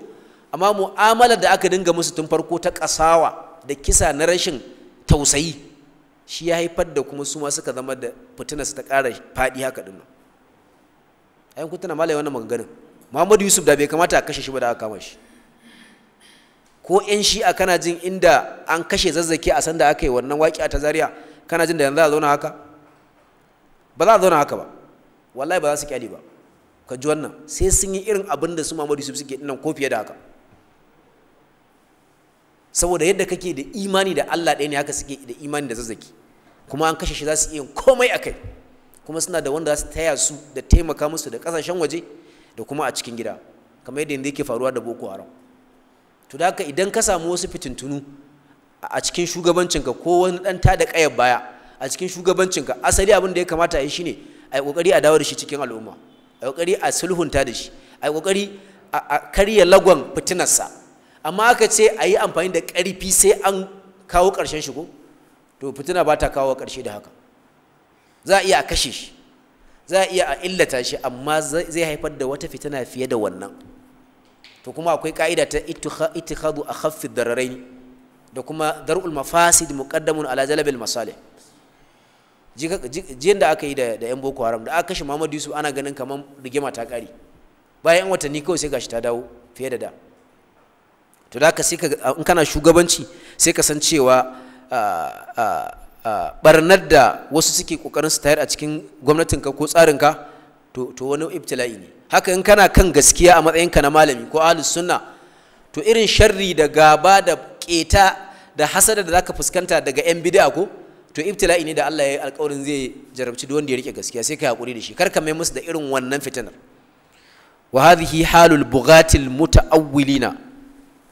amma mu'amalar da aka dinga musu tun farko ta kasawa da kisa na rashin tausayi shi ya haifar da kuma su ma suka zama da fitina su ta ƙara faɗi haka ɗin nan ayan kun tana wannan maganganun muhammadu yusuf da bai kamata a kashe shi ba da aka kama shi ko yan a kana jin inda an kashe zazzaki a sanda aka yi wannan waƙi ta zaria kana jin da yanzu a zauna haka ba za a zauna haka ba wallahi ba za su kyale ba ka ji wannan sai sun yi irin abin da su muhammadu yusuf suke nan ko fiye da haka saboda yadda kake da imani da Allah ɗaya ne haka suke da imani da zazzaki kuma an kashe shi za su iya komai a kai kuma suna da wanda za su taya su da taimaka musu da ƙasashen waje da kuma a cikin gida kamar yadda yanzu yake faruwa da boko haram to da haka idan ka samu wasu fitintunu a cikin shugabancinka ko wani ɗan tada ƙayar baya a cikin shugabancinka asali abin da ya kamata a yi shine a yi ƙoƙari a dawo da shi cikin al'umma a yi ƙoƙari a sulhunta da shi a yi ƙoƙari a karya lagon fitinarsa amma aka ce a yi amfani da ƙarfi sai an kawo ƙarshen shi ko to fitina ba ta kawo ƙarshe da haka za a iya a kashe shi za a iya a illata shi amma zai haifar da wata fitina fiye da wannan to kuma akwai ka'ida ta ittikhadu a dararain da kuma dar'ul mafasid muqaddamun ala jalbil masalih jiyan da aka yi da yan boko haram da aka kashe Muhammad Yusuf ana ganin kamar rigima ta kare bayan watanni kawai sai gashi ta dawo fiye da da to da sai ka in kana shugabanci sai ka san cewa barnar da wasu suke kokarin su tayar a cikin gwamnatinka ko tsarinka to to wani ibtila'i ne haka in kana kan gaskiya a matsayinka na malami ko ahlus sunna to irin sharri da gaba da keta da hasada da zaka fuskanta daga yan bid'a ko to ibtila'i ne da Allah ya yi alƙawarin zai jarabci duk wanda ya rike gaskiya sai ka hakuri da shi kar ka mai musu da irin wannan fitinar wa hadhihi halul bughatil muta'awwilina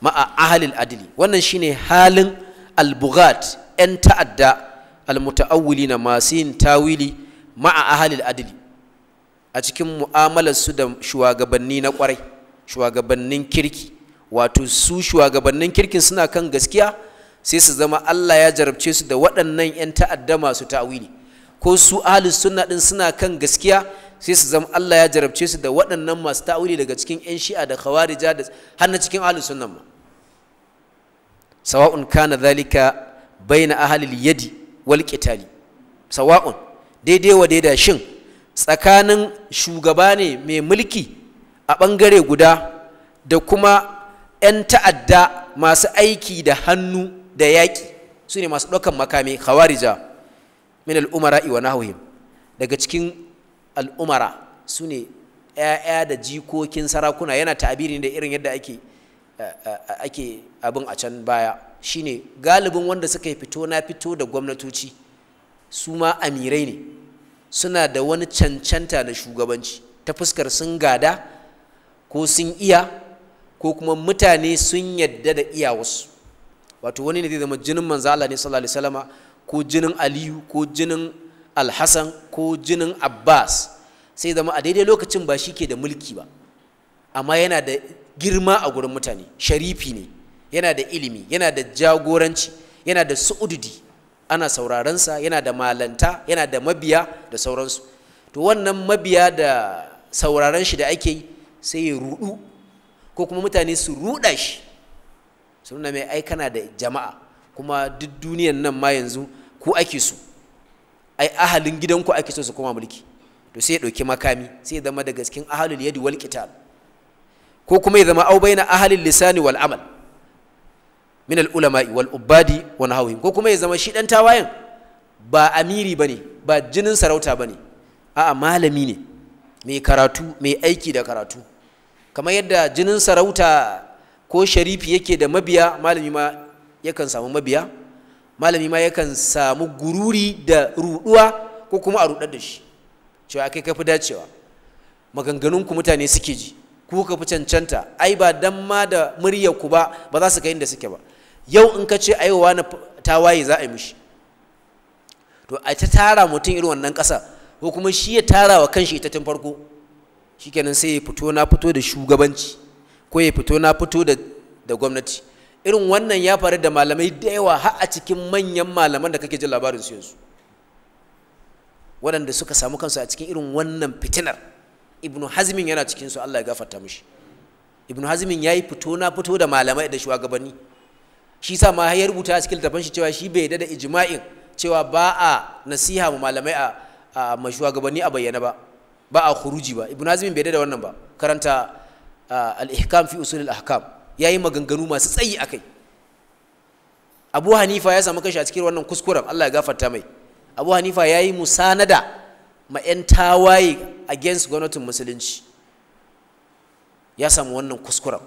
ma'a ahalil adili wannan shine halin albugat yan ta'adda almutaawwilina masu yin tawili ma'a ahalil adili a cikin mu'amalar su da shugabanni na kwarai shugabannin kirki wato su shugabannin kirkin suna kan gaskiya sai su zama Allah ya jarabce su da waɗannan yan ta'adda masu tawili ko su ahalus sunna din suna kan gaskiya sai su zama Allah ya jarabce su da waɗannan masu ta'awili daga cikin 'yan shi'a da khawarija da hannun cikin ahlus sunnan ma sawa'un kana zalika baina ahalil yadi wal qitali sawa'un daidai wa daida shin tsakanin shugaba ne mai mulki a bangare guda da kuma 'yan ta'adda masu aiki da hannu da yaƙi su ne masu ɗaukan makami khawarija min al'umara iwa nahawihim daga cikin al'umara su ne ‘ya'ya da jikokin sarakuna yana ta'abiri da irin yadda ake ake abin a can baya shine galibin wanda suka yi fito na fito da gwamnatoci su ma amirai ne suna da wani cancanta na shugabanci ta fuskar sun gada ko sun iya ko kuma mutane sun yadda da wasu wato wani ne zai zama jinin manzo ne sallallahu alaihi wasallama ko jinin Aliyu ko jinin Alhassan ko jinin Abbas sai zama a daidai lokacin ba shi ke da mulki ba amma yana da girma a gurin mutane sharifi ne yana da ilimi yana da jagoranci yana da su'ududi ana saurarensa yana da malanta yana da mabiya da sauransu to wannan mabiya da sauraren shi da ake yi sai ya rudu ko kuma mutane su ruda shi su nuna mai aikana da jama'a kuma duk duniyan nan ma yanzu ku ake su ai ahalin gidanku ake so su koma mulki to sai ya ɗauki makami sai ya zama da gaskin ahalul yadi wal qital ko kuma ya zama au na ahalin lisani wal amal min al ulama'i wal ubadi wa ko kuma ya zama shi dan tawayen ba amiri ba ne ba jinin sarauta ba ne a'a malami ne mai karatu mai aiki da karatu kamar yadda jinin sarauta ko sharifi yake da mabiya malami ma yakan samu mabiya malami ma yakan samu gururi da ruɗuwa ko kuma a rudar da shi cewa kai kafi dacewa maganganunku mutane suke ji ku ka fi cancanta ai ba dan ma da muryar ku ba ba za su kai inda suke ba yau in ka ce wa na waye za a yi mishi to a ta tara mutum irin wannan ƙasa ko kuma shi ya tara wa kanshi ita tun farko shikenan sai ya fito na fito da shugabanci ko ya fito na fito da da gwamnati irin wannan ya faru da malamai da yawa har a cikin manyan malaman da kake jin labarin su yanzu waɗanda suka samu kansu a cikin irin wannan fitinar ibnu hazmin yana cikin su Allah ya gafarta mishi ibnu hazmin yayi fito na fito da malamai da shugabanni shi sa ma ya rubuta a cikin littafin shi cewa shi bai yarda da ijma'in cewa ba a nasiha mu malamai a a mashugabanni a bayyana ba ba a khuruji ba ibnu hazmin bai yarda da wannan ba karanta al-ihkam fi usul al-ahkam yayi maganganu masu tsayi akai abu hanifa ya samu kashi a cikin wannan kuskuren Allah ya gafarta mai abu hanifa yayi musanada ma 'yan tawaye against gwamnatin musulunci ya samu wannan kuskuren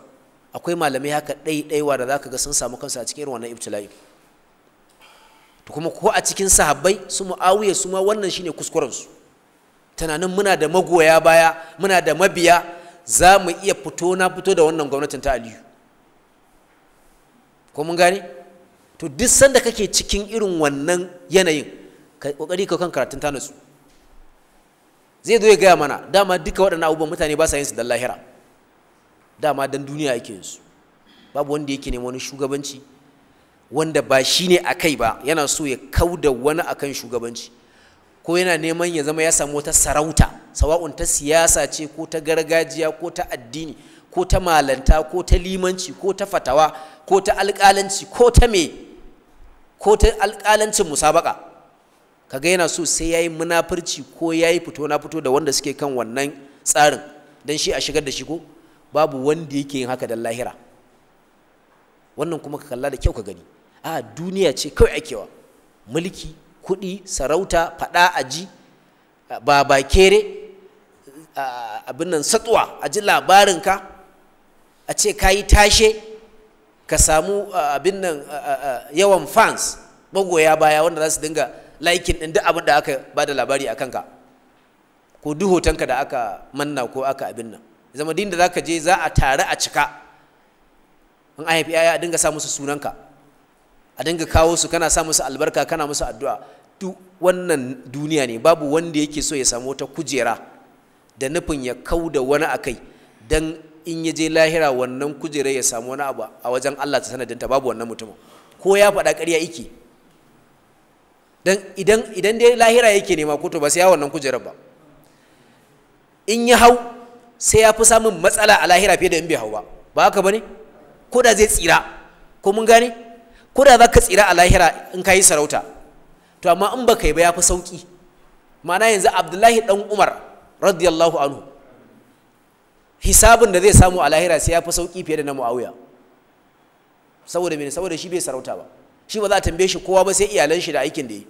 akwai malamai haka ɗaiɗaiwa da za ka ga sun samu kansu a cikin irin wannan ibtila'i to kuma ko a cikin sahabbai su mu'awiya su ma wannan shine kuskurensu tunanin muna da magoya baya muna da mabiya za mu iya fito na fito da wannan gwamnatin ta aliyu ko mun gane to duk sanda kake cikin irin wannan yanayin ka kokari ka kan karatun ta natsu zai zo ya gaya mana dama duka waɗannan abubuwan mutane ba sa yin su dan lahira dama dan duniya ake yin su babu wanda yake neman wani shugabanci wanda ba shi ne a kai ba yana so ya kau da wani akan shugabanci ko yana neman ya zama ya samu wata sarauta sawa'un ta siyasa ce ko ta gargajiya ko ta addini ko ta malanta ko ta limanci ko ta fatawa ko ta alƙalanci ko ta me ko ta alƙalancin musabaka kaga yana so sai yayi munafurci ko yayi fito na fito da wanda suke kan wannan tsarin dan shi a shigar da shi ko babu wanda yake yin haka dan lahira wannan kuma ka kalla da kyau ka gani a duniya ce kawai akewa mulki kuɗi sarauta faɗa aji ba ba kere abin nan satsuwa a ji labarinka a ce ka yi tashe ka samu abin nan yawan fans magoya baya wanda za su dinga laikin ɗin duk abin da aka ba da labari a kanka ko duk hotonka da aka manna ko aka abin nan zama din da za ka je za a tare a cika in a haifi yaya a dinga sa musu sunanka a dinga kawo su kana sa musu albarka kana musu addu'a duk wannan duniya ne babu wanda yake so ya samu wata kujera da nufin ya kau da wani akai dan in ya je lahira wannan kujerar ya samu wani abu a wajen Allah ta sanadinta babu wannan mutumin ko ya faɗa ƙarya iki idan idan dai lahira yake nema ko to ba sai ya wannan kujerar ba in ya hau sai ya fi samun matsala a lahira fiye da in bai hau ba ba haka bane ko da zai tsira ko mun gane ko da zaka tsira a lahira in kai sarauta to amma in baka yi ba ya fi sauki ma'ana yanzu Abdullahi dan Umar radiyallahu anhu hisabin da zai samu a lahira sai ya fi sauki fiye da na Muawiya saboda mene saboda shi bai sarauta ba shi ba za a tambaye shi kowa ba sai iyalan shi da aikin da yi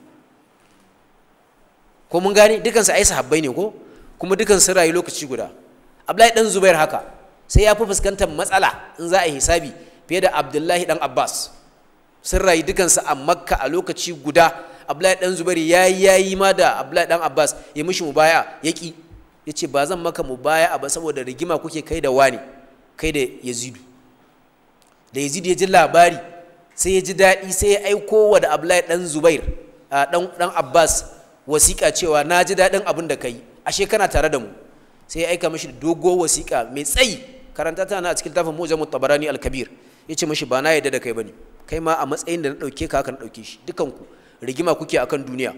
ko mun gane dukansu ai sahabbai ne ko kuma dukansu rayu lokaci guda abdullahi dan zubair haka sai ya fi fuskantar matsala in za a yi hisabi fiye da abdullahi dan abbas sun rayu dukansu a makka a lokaci guda abdullahi dan zubair ya yayi ma da abdullahi dan abbas ya mishi baya ya ki ya ce ba zan maka mu baya ba saboda rigima kuke kai da wani kai da yazidu da yazidu ya ji labari sai ya ji daɗi sai ya aiko wa da abdullahi dan zubair dan abbas wasiƙa cewa na ji daɗin abin da ka yi ashe kana tare da mu sai ya aika mashi dogo wasiƙa mai tsayi karanta ta na a cikin tafin mujamu tabarani alkabir ya ce mashi ba na yadda da kai bane kai ma a matsayin da na ɗauke ka haka na ɗauke shi dukanku rigima kuke akan duniya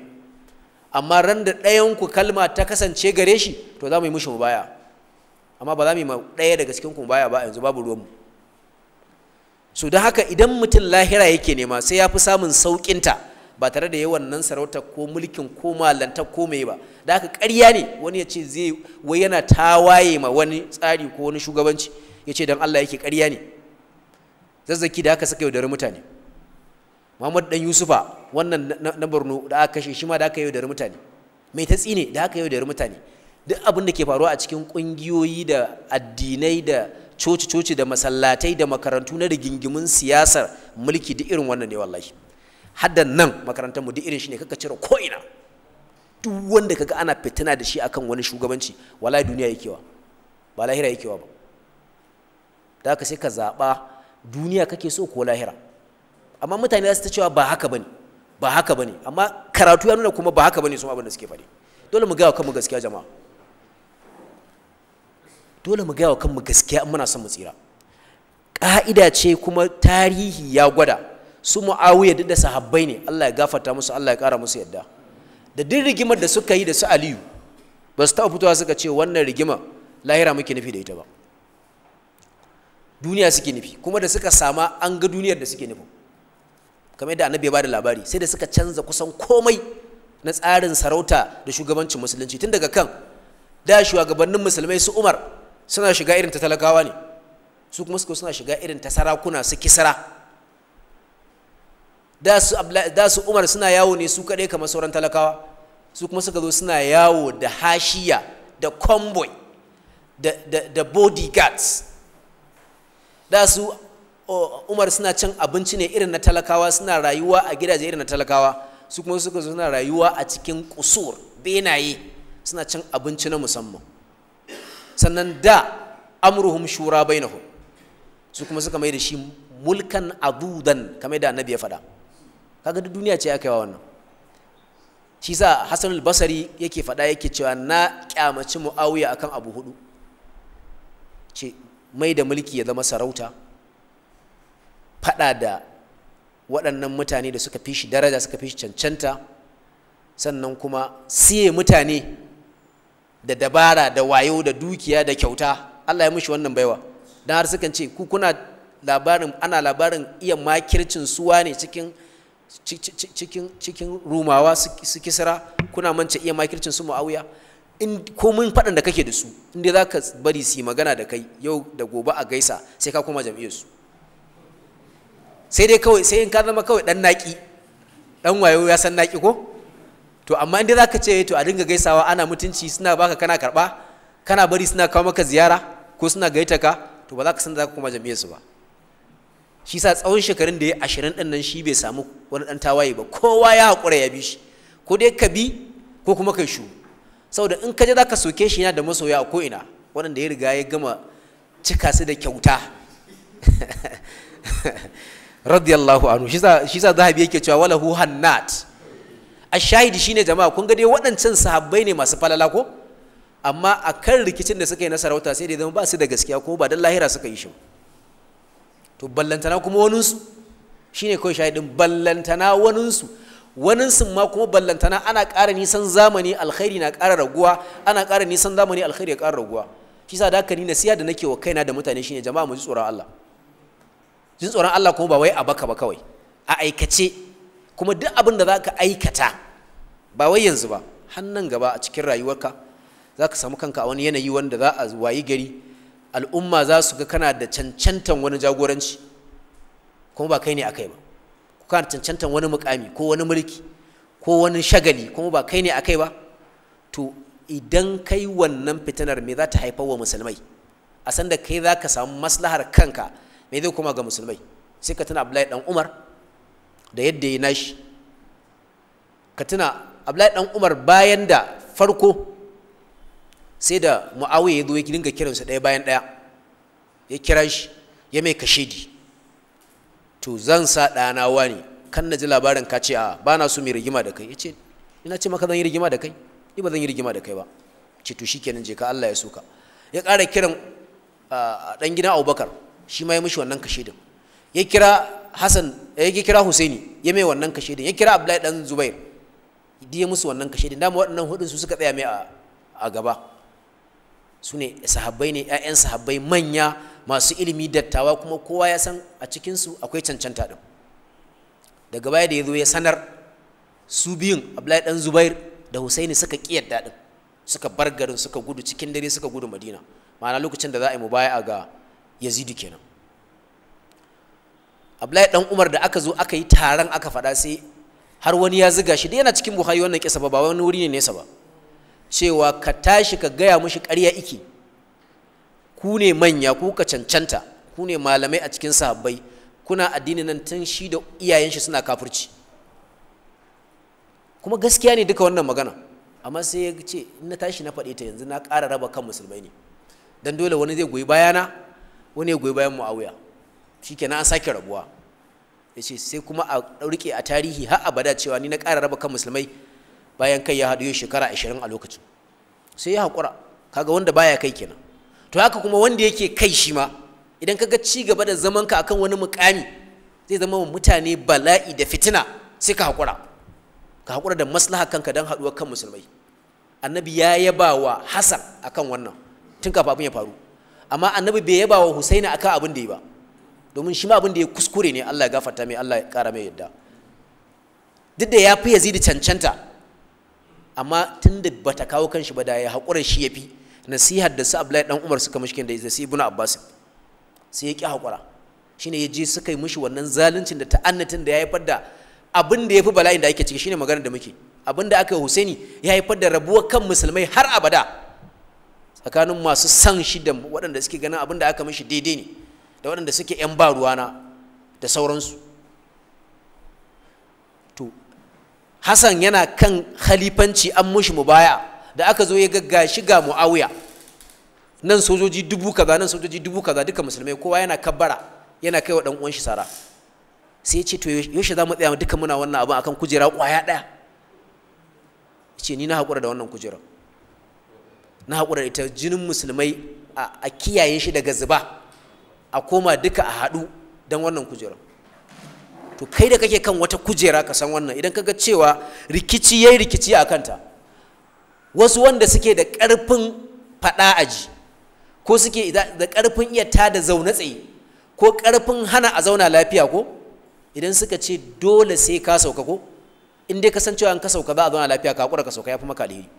amma ran da ɗayanku kalma ta kasance gare shi to za mu yi mushi mu baya amma ba za mu yi ɗaya daga cikin ku baya ba yanzu babu ruwanmu so don haka idan mutum lahira yake nema sai ya fi samun sauƙinta ba tare da yawan nan sarauta ko mulkin ko malanta ko mai ba da haka ƙarya ne wani ya ce zai wai yana tawaye ma wani tsari ko wani shugabanci ya ce don Allah yake karya ne zazzaki da haka saka yaudari mutane Muhammad dan Yusufa wannan na Borno da aka kashe shi ma da aka yaudari mutane mai ta tsine da aka yaudari mutane duk abin da ke faruwa a cikin ƙungiyoyi da addinai da coci-coci da masallatai da makarantu na rigingimin siyasar mulki duk irin wannan ne wallahi haddan nan makarantar mu duk irin shi ne kaka cire ko ina duk wanda kaga ana fitina da shi akan wani shugabanci wallahi duniya yake wa ba lahira yake wa ba da haka sai ka zaɓa duniya kake so ko lahira amma mutane za su ta cewa ba haka bane ba haka bane amma karatu ya nuna kuma ba haka bane sun abin da suke faɗi dole mu gaya wa kanmu gaskiya jama'a dole mu gaya wa kanmu gaskiya in muna son mu tsira ƙa'ida ce kuma tarihi ya gwada su mu'awiya duk da sahabbai ne Allah ya gafarta musu Allah ya kara musu yadda da duk rigimar da suka yi da su aliyu ba su taɓa fitowa suka ce wannan rigima lahira muke nufi da ita ba duniya suke nufi kuma da suka sama an ga duniyar da suke nufi kamar yadda annabi ya da labari sai da suka canza kusan komai na tsarin sarauta da shugabancin musulunci tun daga kan da shugabannin musulmai su umar suna shiga irin ta talakawa ne su kuma suka suna shiga irin ta sarakuna su kisara da su umar suna yawo ne su kaɗai kamar sauran talakawa su kuma suka zo suna yawo da hashiya da convoy da, da, da bodyguards da su umar suna cin abinci ne irin na talakawa suna rayuwa a gidaje irin na talakawa su kuma suka zo suna rayuwa a cikin kusur benaye suna cin abinci na musamman sannan da amruhum shura bainahum su kuma suka mai da shi mulkan adudan kamar da annabi ya faɗa kaga duk duniya ce aka yi wa wannan shi sa Hassan al-Basri yake faɗa yake cewa na kyamaci Muawiya akan abu hudu ce mai da mulki ya zama sarauta faɗa da waɗannan mutane da suka fishi daraja suka fi cancanta sannan kuma siye mutane da dabara da wayo da dukiya da kyauta Allah ya mushi wannan baiwa dan har sukan ce ku kuna labarin ana labarin iya makircin suwa ne cikin cikin cikin rumawa su kisira kuna mance iya makircin su muawiya in komin faɗan da kake da su in dai ka bari su yi magana da kai yau da gobe a gaisa sai ka koma jam'iyyar su sai dai kawai sai in ka zama kawai dan naki dan wayo ya san naki ko to amma in dai ka ce to a dinga gaisawa ana mutunci suna baka kana karba kana bari suna kawo maka ziyara ko suna gaita ka to ba za ka san za ka koma jam'iyyar su ba shi sa tsawon shekarun da ya ashirin ɗin nan shi bai samu wani ɗan tawaye ba kowa ya haƙura ya bi shi ko dai ka bi ko kuma kai shu saboda in ka je za ka soke shi yana da masoya a ko'ina waɗanda ya riga ya gama cika su da kyauta [LAUGHS] radiyallahu anhu shi sa zahabi yake cewa hu hannat a shahidi ne jama'a kun ga dai waɗancan sahabbai ne masu falala ko amma a kan rikicin da suka yi na sarauta sai dai zama ba su da gaskiya ko ba don lahira suka yi shi to ballantana kuma waninsu shi ne kawai shahidin ballantana waninsu waninsu ma kuma ballantana ana ƙara nisan zamani alkhairi na ƙara raguwa ana ƙara nisan zamani alkhairi ya ƙara raguwa shi sa da haka ni da nake wa kaina da mutane shine jama'a mu ji tsoron Allah ji tsoron Allah kuma ba wai a baka ba kawai a aikace kuma duk abin da zaka aikata ba wai yanzu ba har nan gaba a cikin rayuwarka zaka samu kanka a wani yanayi wanda za a wayi gari al'umma za su ga kana da cancantan wani jagoranci kuma ba kai ne yi ba ko kana cancantan wani mukami ko wani mulki ko wani shagali kuma ba kai ne akai ba to idan kai wannan fitinar me za ta haifar wa musulmai a sanda kai za ka samu maslahar kanka me zai koma ga musulmai sai ka tuna abdullahi dan umar da yadda ya nashi ka tuna abdullahi dan umar bayan da farko sai da mu'awiya ya zo ya dinga kiransa ɗaya bayan ɗaya ya kira shi ya mai kashedi to zan sa ɗana wani kan na ji labarin ka ce a ba na so mai rigima da kai ya ce ina ce maka zan yi rigima da kai ni ba zan yi rigima da kai ba ce to shikenan je ka Allah ya soka ya ƙara kiran a ɗan gidan Abubakar shi ma ya mishi wannan din ya kira Hassan eh, ya kira Husaini ya mai wannan din ya kira Abdullahi dan Zubair ya musu wannan din dama waɗannan hudun su suka tsaya mai a gaba su ne sahabbai ne 'ya'yan sahabbai manya masu ilimi dattawa kuma kowa ya san a cikinsu akwai cancanta ɗin daga baya da ya zo ya sanar su biyun abdullahi dan zubair da husaini suka ƙiyar daɗin suka bar garin suka gudu cikin dare suka gudu madina ma'ana lokacin da za a yi mubaya ga yazidu kenan la'i dan umar da aka zo aka yi taron aka faɗa sai har wani ya ziga shi da yana cikin buhari wannan kisa ba ba wani wuri ne nesa ba cewa ka tashi ka gaya mushi ƙarya iki ku ne manya ku ka cancanta ku ne malamai a cikin sahabbai kuna addini nan tun shi da iyayen shi suna kafurci kuma gaskiya ne duka wannan magana amma sai ya ce in na tashi na faɗe ta yanzu na ƙara raba kan musulmai ne dan dole wani zai goyi bayana wani ya goyi bayan muawiya kenan an sake rabuwa ya ce sai kuma a riƙe a tarihi har abada cewa ni na ƙara raba kan musulmai bayan kai ya haɗu yau shekara ashirin a lokacin sai ya haƙura kaga wanda baya kai kenan to haka kuma wanda yake kai shi ma idan kaga ci gaba da zaman ka akan wani mukami zai zama wa mutane bala'i da fitina sai ka haƙura ka haƙura da maslaha kanka don haɗuwar kan musulmai annabi ya yaba wa hasan akan wannan tun kafa abin ya faru amma annabi bai yaba wa husaini akan abin da ya ba domin shi ma abin da ya kuskure ne allah ya gafarta mai allah ya ƙara mai yadda duk da ya fi yazidi cancanta amma tun tunda bata kawo kanshi ba da ya haƙura shi ya yafi nasihar da su Abdullahi dan Umar suka mashi da sai Ibn Abbas sai ya ƙi haƙura shine ya je suka yi mishi wannan zaluncin da ta'annatin da ya haifar da abin da fi bala'in da ake ciki shine maganar da muke abin da aka yi Husaini ya haifar da rabuwar kan musulmai har abada tsakanin masu san shi da waɗanda suke ganin abin da aka mishi daidai ne da waɗanda suke 'yan ba ruwana da sauransu Hassan yana kan khalifanci an mushi mubaya da aka zo ya gagga shi ga Muawiya nan sojoji dubu kaza nan sojoji dubu kaza duka musulmai kowa yana kabbara yana kai wa dan uwan shi sara sai ya ce to yaushe za mu tsaya duka muna wannan abin akan kujera kwaya daya ce ni na haƙura da wannan kujera na haƙura ita jinin musulmai a kiyaye shi daga zuba a koma duka a haɗu don wannan kujerar to kai da kake kan wata kujera ka san wannan idan kaga cewa rikici yayi rikici a kanta wasu wanda suke da ƙarfin faɗa aji ko suke da ƙarfin iya tada zaune tsaye ko ƙarfin hana a zauna lafiya ko idan suka ce dole sai ka sauka ko in dai ka san cewa in ka sauka za a zauna lafiya ka hakura ka sauka ya fi maka alheri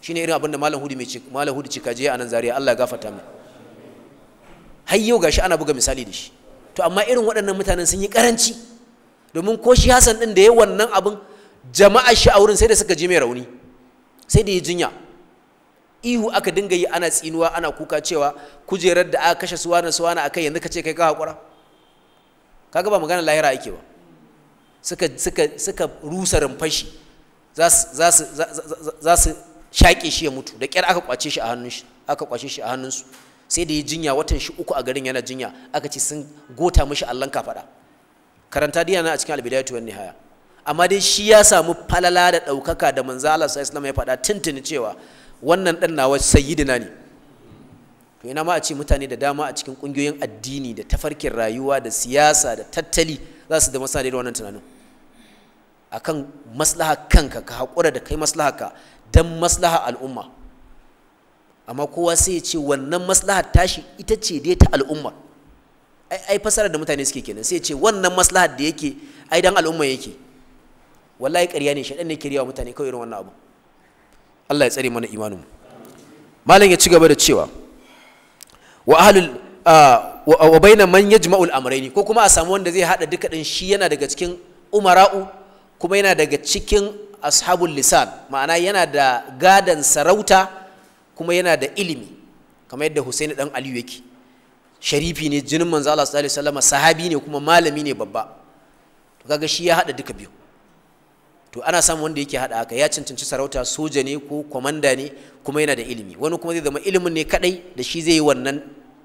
shine irin abin da malam hudu mai malam hudu cikaje a nan zariya Allah ya gafarta mai har yau gashi ana buga misali da shi to amma irin waɗannan mutanen sun yi karanci domin ko shi hasan ɗin da ya wannan abin jama'a shi a wurin sai da suka ji mai rauni sai da ya jinya ihu aka dinga yi ana tsinuwa ana kuka cewa kujerar da aka kashe suwana suwana a kai yanzu ka ce kai ka hakura kaga ba magana lahira ake ba suka suka suka rusa rumfashi za su za su za su shaƙe shi ya mutu da ƙyar aka kwace shi a hannun shi aka kwace shi a hannunsu sai da ya jinya watan shi uku a garin yana jinya aka ce sun gota mishi allon kafaɗa karanta diya na a cikin albidayatu wani haya amma dai shi ya samu falala da ɗaukaka da manzo Allah sallallahu alaihi ya faɗa tuntuni cewa wannan ɗan nawa sayyidina ne to ina ma a ce mutane da dama a cikin ƙungiyoyin addini da tafarkin rayuwa da siyasa da tattali za su da masana da wannan tunanin akan maslaha kanka ka haƙura da kai maslaha ka dan maslaha al'umma amma kowa sai ya ce wannan maslahar tashi ita ce dai ta al'umma ai fasara da mutane suke kenan sai ya ce wannan maslahar da yake ai dan al'umma yake wallahi ƙarya ne shaɗan ne ke riyawa mutane kawai irin wannan abu Allah ya tsare mana imanin mu malam ya ci gaba da cewa wa ahlul wa baina man yajma'ul amrayni ko kuma a samu wanda zai hada duka din shi yana daga cikin umara'u kuma yana daga cikin ashabul lisan ma'ana yana da gadan sarauta kuma yana da ilimi kamar yadda Husaini dan Aliyu yake sharifi ne jinin manzo Allah sallallahu alaihi wasallam sahabi ne kuma malami ne babba to kaga shi ya hada duka biyu to ana samun wanda yake hada haka ya cancanci sarauta soja ne ko komanda ne kuma yana da ilimi wani kuma zai zama ilimin ne kadai da shi zai yi wannan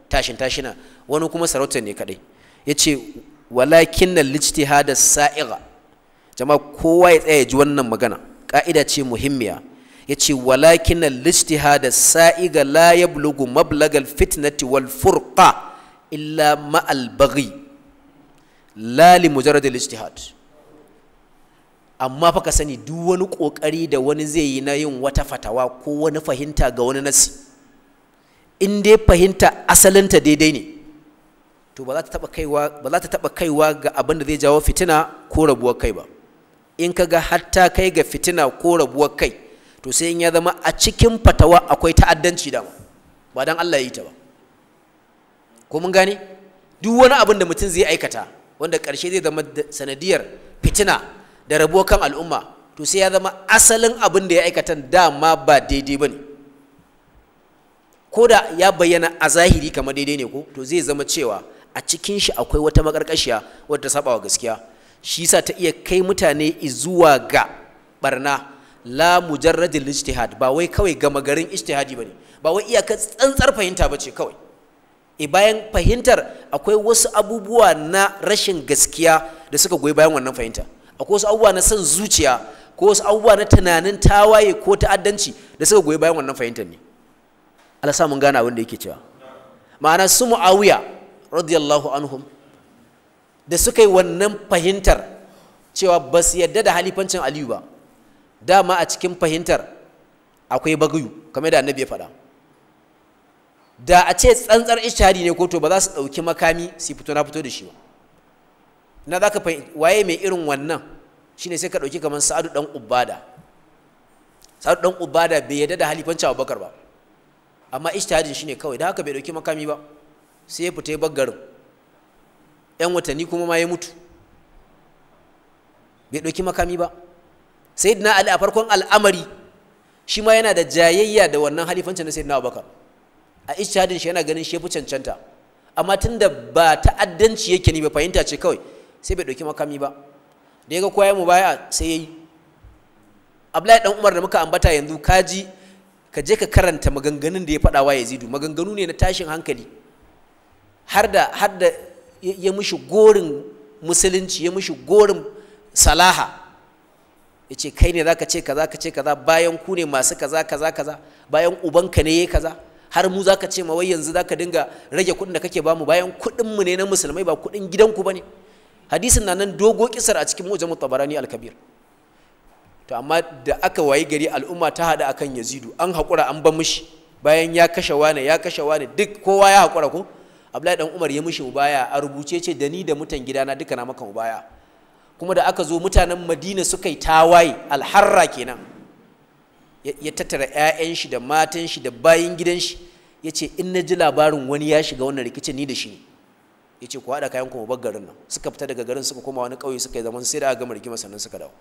tashin tashina wani kuma sarautar ne kadai yace walakin na lijtihada sa'iga jama'a kowa ya tsaya ji wannan magana ka'ida ce muhimmiya yace walakin al istihada saiga la yablughu mablag al-fitnati wal furqa illa ma al-baghi la li mujarrad al istihad amma fa ka sani duk wani kokari da wani zai yi na yin wata fatawa ko wani fahimta ga wani nasi in dai fahimta asalinta daidai ne to ba za ta taba kaiwa ba za ta taba kaiwa ga abin da zai jawo fitina ko rabuwar kai ba in ka ga hatta kai ga fitina ko rabuwar kai to sai in ya zama a cikin fatawa akwai ta'addanci dama ba dan Allah ya yi ta ba ko mun gane duk wani abin da mutum zai aikata wanda ƙarshe zai zama sanadiyar fitina da rabuwa kan al'umma to sai ya zama asalin abin da ya aikata dama ba daidai ba ne ko da ya bayyana a zahiri kamar daidai ne ko to zai zama cewa a cikin shi akwai wata makarkashiya wadda ta saba gaskiya shi yasa ta iya kai mutane zuwa ga barna la mujarradin ijtihad ba wai kawai gama garin ijtihadi bane ba wai iyaka tsantsar fahimta bace kawai e bayan fahimtar akwai wasu abubuwa na rashin gaskiya da suka goyi bayan wannan fahimta akwai wasu abubuwa na son zuciya ko wasu abubuwa na tunanin tawaye ko ta'addanci da suka goyi bayan wannan fahimtar ne Allah sa mun gane abin da yake cewa ma'ana su Muawiya radiyallahu anhum da suka yi wannan fahimtar cewa ba su yadda da halifancin Aliyu ba dama a cikin fahimtar akwai bagayu kamar da annabi ya faɗa da a ce tsantsar ishari ne ko to ba za su ɗauki makami su fito na fito da shi ba na za ka waye mai irin wannan shi ne sai ka ɗauki kamar sa'adu ɗan ubada sa'adu ɗan ubada bai yarda da cewa bakar ba amma shi ne kawai da haka bai ɗauki makami ba sai ya fita ya bar garin yan watanni kuma ma ya mutu bai ɗauki makami ba sayyidina ali a farkon al'amari shi ma yana da jayayya da wannan halifancin na sayyidina abubakar a ishadin shi yana ganin shi fi cancanta amma tunda ba ta'addanci yake ne ba fahimta ce kawai sai bai dauki makami ba da ya ga kowa mu baya sai yayi Abdullahi dan Umar da muka ambata yanzu kaji ka je ka karanta maganganun da ya faɗa wa Yazidu maganganu ne na tashin hankali har da har da ya mishi gorin musulunci ya mishi gorin salaha yace kai ne za ka ce kaza ka ce kaza bayan ku ne masu kaza kaza kaza bayan ubanka ne yi kaza har mu za ka ce ma wai yanzu ka dinga rage kuɗin da kake bamu bayan kuɗin mu ne na musulmai ba kuɗin gidanku ba ne hadisin na nan dogo kisar a cikin mujamu tabarani al-kabir to amma da aka wayi gari al'umma ta hada akan yazidu an haƙura an ban mishi bayan ya kashe wane ya kashe wane duk kowa ya haƙura ko abdullahi dan umar ya mishi mubaya a rubuce ce da ni da mutan gidana duka na maka mubaya kuma da aka zo mutanen madina suka yi tawaye alharra kenan ya tattara 'ya'yan shi da matan shi da bayin gidan shi ya ce in na ji labarin wani ya shiga wannan rikicin ni da shi ne ya ce ku haɗa kayan kuma bar garin nan suka fita daga garin suka koma wani ƙauye suka yi zaman sai da aka gama rigima sannan suka dawo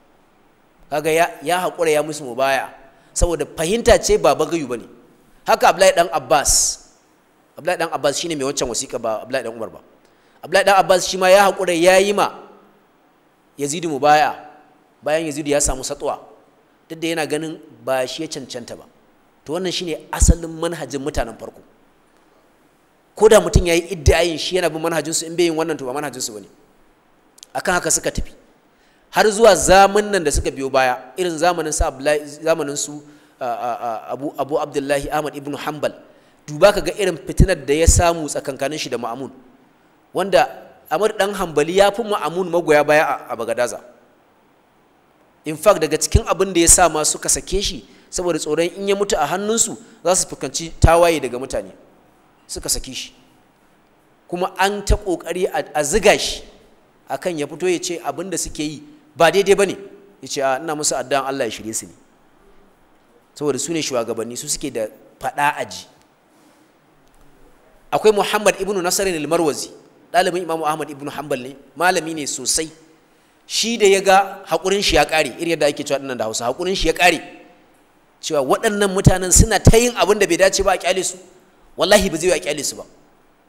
kaga ya ya haƙura ya musu mubaya saboda fahimta ce ba bagayu bane haka Abdullahi dan Abbas Abdullahi dan Abbas shine mai wancan wasiƙa ba Abdullahi dan Umar ba Abdullahi dan Abbas shi ma ya haƙura ya yi ma yazidi mu baya bayan yazidi ya samu satsuwa duk da yana ganin ba shi ya cancanta ba to wannan shine asalin manhajin mutanen farko ko da mutum ya yi iddiyayin shi yana bin manhajinsu in bai yin wannan to ba manhajinsu ba ne akan haka suka tafi har zuwa zamanin nan da suka biyo baya irin zamanin su zamanin su abu abu abdullahi ahmad ibn hanbal duba ka ga irin fitinar da ya samu tsakankanin shi da ma'amun wanda amur dan hambali ya fi ma'amun magoya baya a bagadaza in fact daga cikin abin da ya sa ma suka sake shi saboda tsoron in ya mutu a hannunsu za su fuskanci tawaye daga mutane suka sake shi kuma an ta kokari a ziga shi akan ya fito ya ce abin da suke yi ba daidai ba ne ya ce ina musu addan Allah ya shirye su ne saboda su ne shugabanni su suke da faɗa aji akwai muhammad ibnu nasarin al-marwazi ɗalibin imamu ahmad ibnu hanbal ne malami ne sosai shi da ya ga haƙurin shi ya ƙare iri yadda ake cewa ɗinnan da hausa haƙurin shi ya ƙare cewa waɗannan mutanen suna ta yin abin da bai dace ba a ƙyale su wallahi ba zai a ƙyale su ba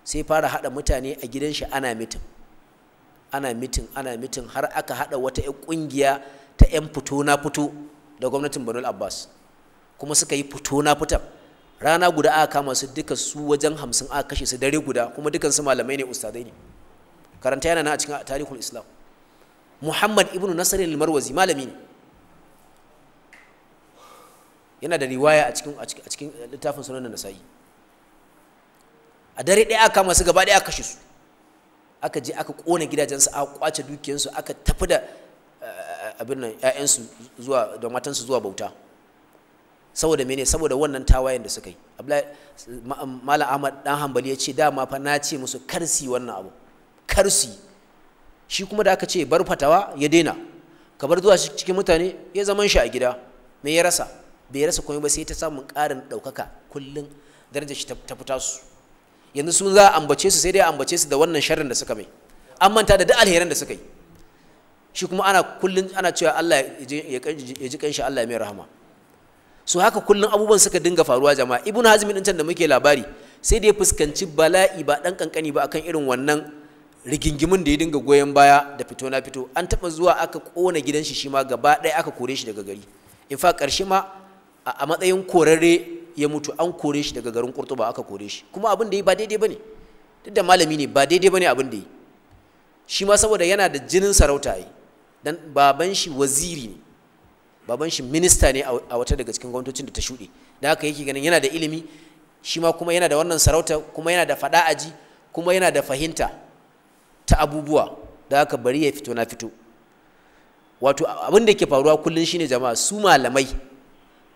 sai fara haɗa mutane a gidan shi ana mitin ana mitin ana mitin har aka haɗa wata ƴan ƙungiya ta ƴan fito na fito da gwamnatin banul abbas kuma suka yi fito na fitan rana guda aka kama su duka su wajen hamsin aka kashe su dare guda kuma dukansu malamai ne ustadai ne karanta yana na a cikin tarihul islam muhammad ibnu nasarin al-marwazi malami ne yana da riwaya a cikin a cikin littafin sunan nasa'i a dare ɗaya aka kama su gaba ɗaya aka kashe su aka je aka kona gidajensu aka kwace dukiyansu aka tafi da eh, abin nan ƴaƴansu zuwa da matansu zuwa bauta saboda mene saboda wannan tawayen da suka yi malam ahmad dan hambali ya ce dama fa na ce musu karsi wannan abu karsi shi kuma da aka ce bar fatawa ya daina ka bar zuwa cikin mutane ya zaman shi a gida me ya rasa bai rasa komai ba sai ta samun ƙarin ɗaukaka kullum daraja shi ta fita su yanzu sun za a ambace su sai dai a ambace su da wannan sharrin da suka mai an manta da duk alheran da suka yi shi kuma ana kullum ana cewa Allah ya ji kanshi Allah ya mai rahama so haka kullum abubuwan suka dinga faruwa jama'a ibn hazmi din can da muke labari sai da ya fuskanci bala'i ba dan kankani ba akan irin wannan rigingimin da ya dinga goyon baya da fito na fito an taba zuwa aka kona gidan shi shi ma gaba ɗaya aka kore shi daga gari in fa karshe ma a matsayin korarre ya mutu an kore shi daga garin Kurtuba aka kore shi kuma abin da yi ba daidai bane duk da malami ne ba daidai bane abin da yi shi ma saboda yana da jinin sarauta yi dan baban shi waziri ne baban shi minista ne a wata daga cikin gwamnatocin da ta shuɗe da haka yake ganin yana da ilimi shi ma kuma yana da wannan sarauta kuma yana da faɗa aji kuma yana da fahimta ta abubuwa da haka bari ya fito na fito wato abin da ke faruwa kullum shine jama'a su malamai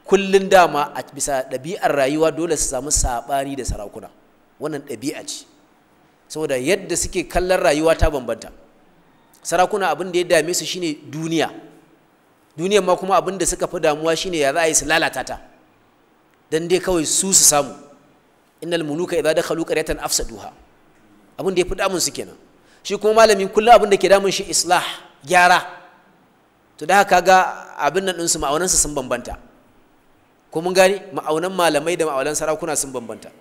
kullum dama a bisa ɗabi'ar rayuwa dole su samu saɓani da sarakuna wannan ɗabi'a ce saboda yadda suke kallon rayuwa ta bambanta sarakuna abin da ya dame su shine duniya duniyar ma kuma abin da suka fi damuwa shine ya za a yi su lalata ta dan dai kawai su su samu innal muluka idza dakhalu qaryatan afsaduha abin da ya fi damun su kenan shi kuma malami kullum abin da ke damun shi islah gyara to da haka ga abin nan ɗinsu ma'aunansu sun bambanta ko mun gane ma'aunan malamai da ma'aunan sarakuna sun bambanta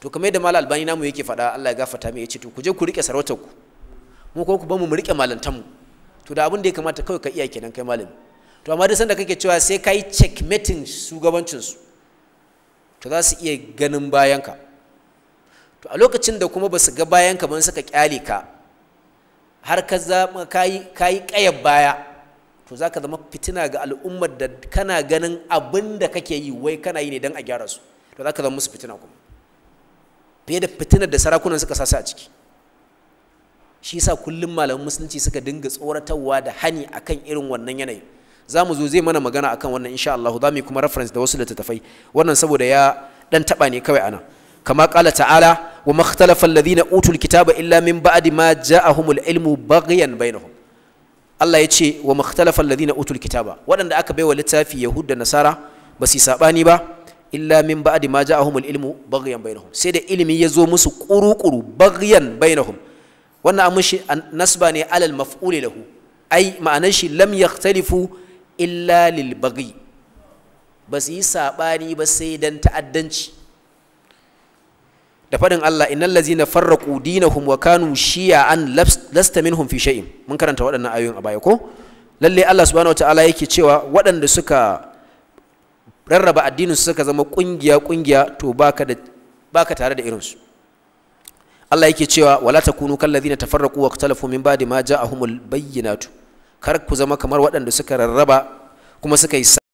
to kamar yadda malam albani namu yake faɗa Allah ya gafarta mai ya ce to ku je ku rike sarautar ku mu ko ku ba mu mu rike malantan mu to da abin da ya kamata kawai ka iya kenan kai malami to amma duk sanda kake cewa sai ka yi checkmating shugabancinsu to za su iya ganin bayanka to a lokacin da kuma ba su ga bayanka ban suka kyale ka har ka zama ka yi ƙayar baya to za ka zama fitina ga al'ummar da kana ganin abin da kake yi wai kana yi ne don a gyara su to za ka zama musu fitina kuma fiye da fitinar da sarakunan suka sasa a ciki shi yasa kullum malaman musulunci suka dinga tsoratarwa da hani akan irin wannan yanayi za mu zo zai mana magana akan wannan insha Allah za mu kuma reference da wasu littattafai wannan saboda ya dan taba ne kawai anan kama qala ta'ala wa makhtalafa alladhina utul kitaba illa min ba'di ma ja'ahumul ilmu baghyan bainahum Allah ya ce wa makhtalafa alladhina utul kitaba waɗanda aka baiwa littafi yahud da nasara ba su sabani ba illa min ba'di ma ja'ahumul ilmu baghyan bainahum sai da ilimi ya zo musu kuru-kuru baghyan bainahum wannan an mishi nasba ne alal maf'uli lahu ai ma'anar shi lam yakhtalifu illa lil baghi ba su yi sabani ba sai dan ta'addanci da fadin Allah innal ladzina farraqu dinahum wa kanu shiyan lasta minhum fi shay'in mun karanta waɗannan ayoyin a baya ko lalle Allah subhanahu wataala yake cewa waɗanda suka rarraba addinin suka zama kungiya kungiya to baka da baka tare da irinsu Allah yake cewa wala takunu kallazina tafarraqu wa ikhtalafu min ba'di ma ja'ahumul bayyinatu kar ku zama kamar waɗanda suka rarraba kuma suka yi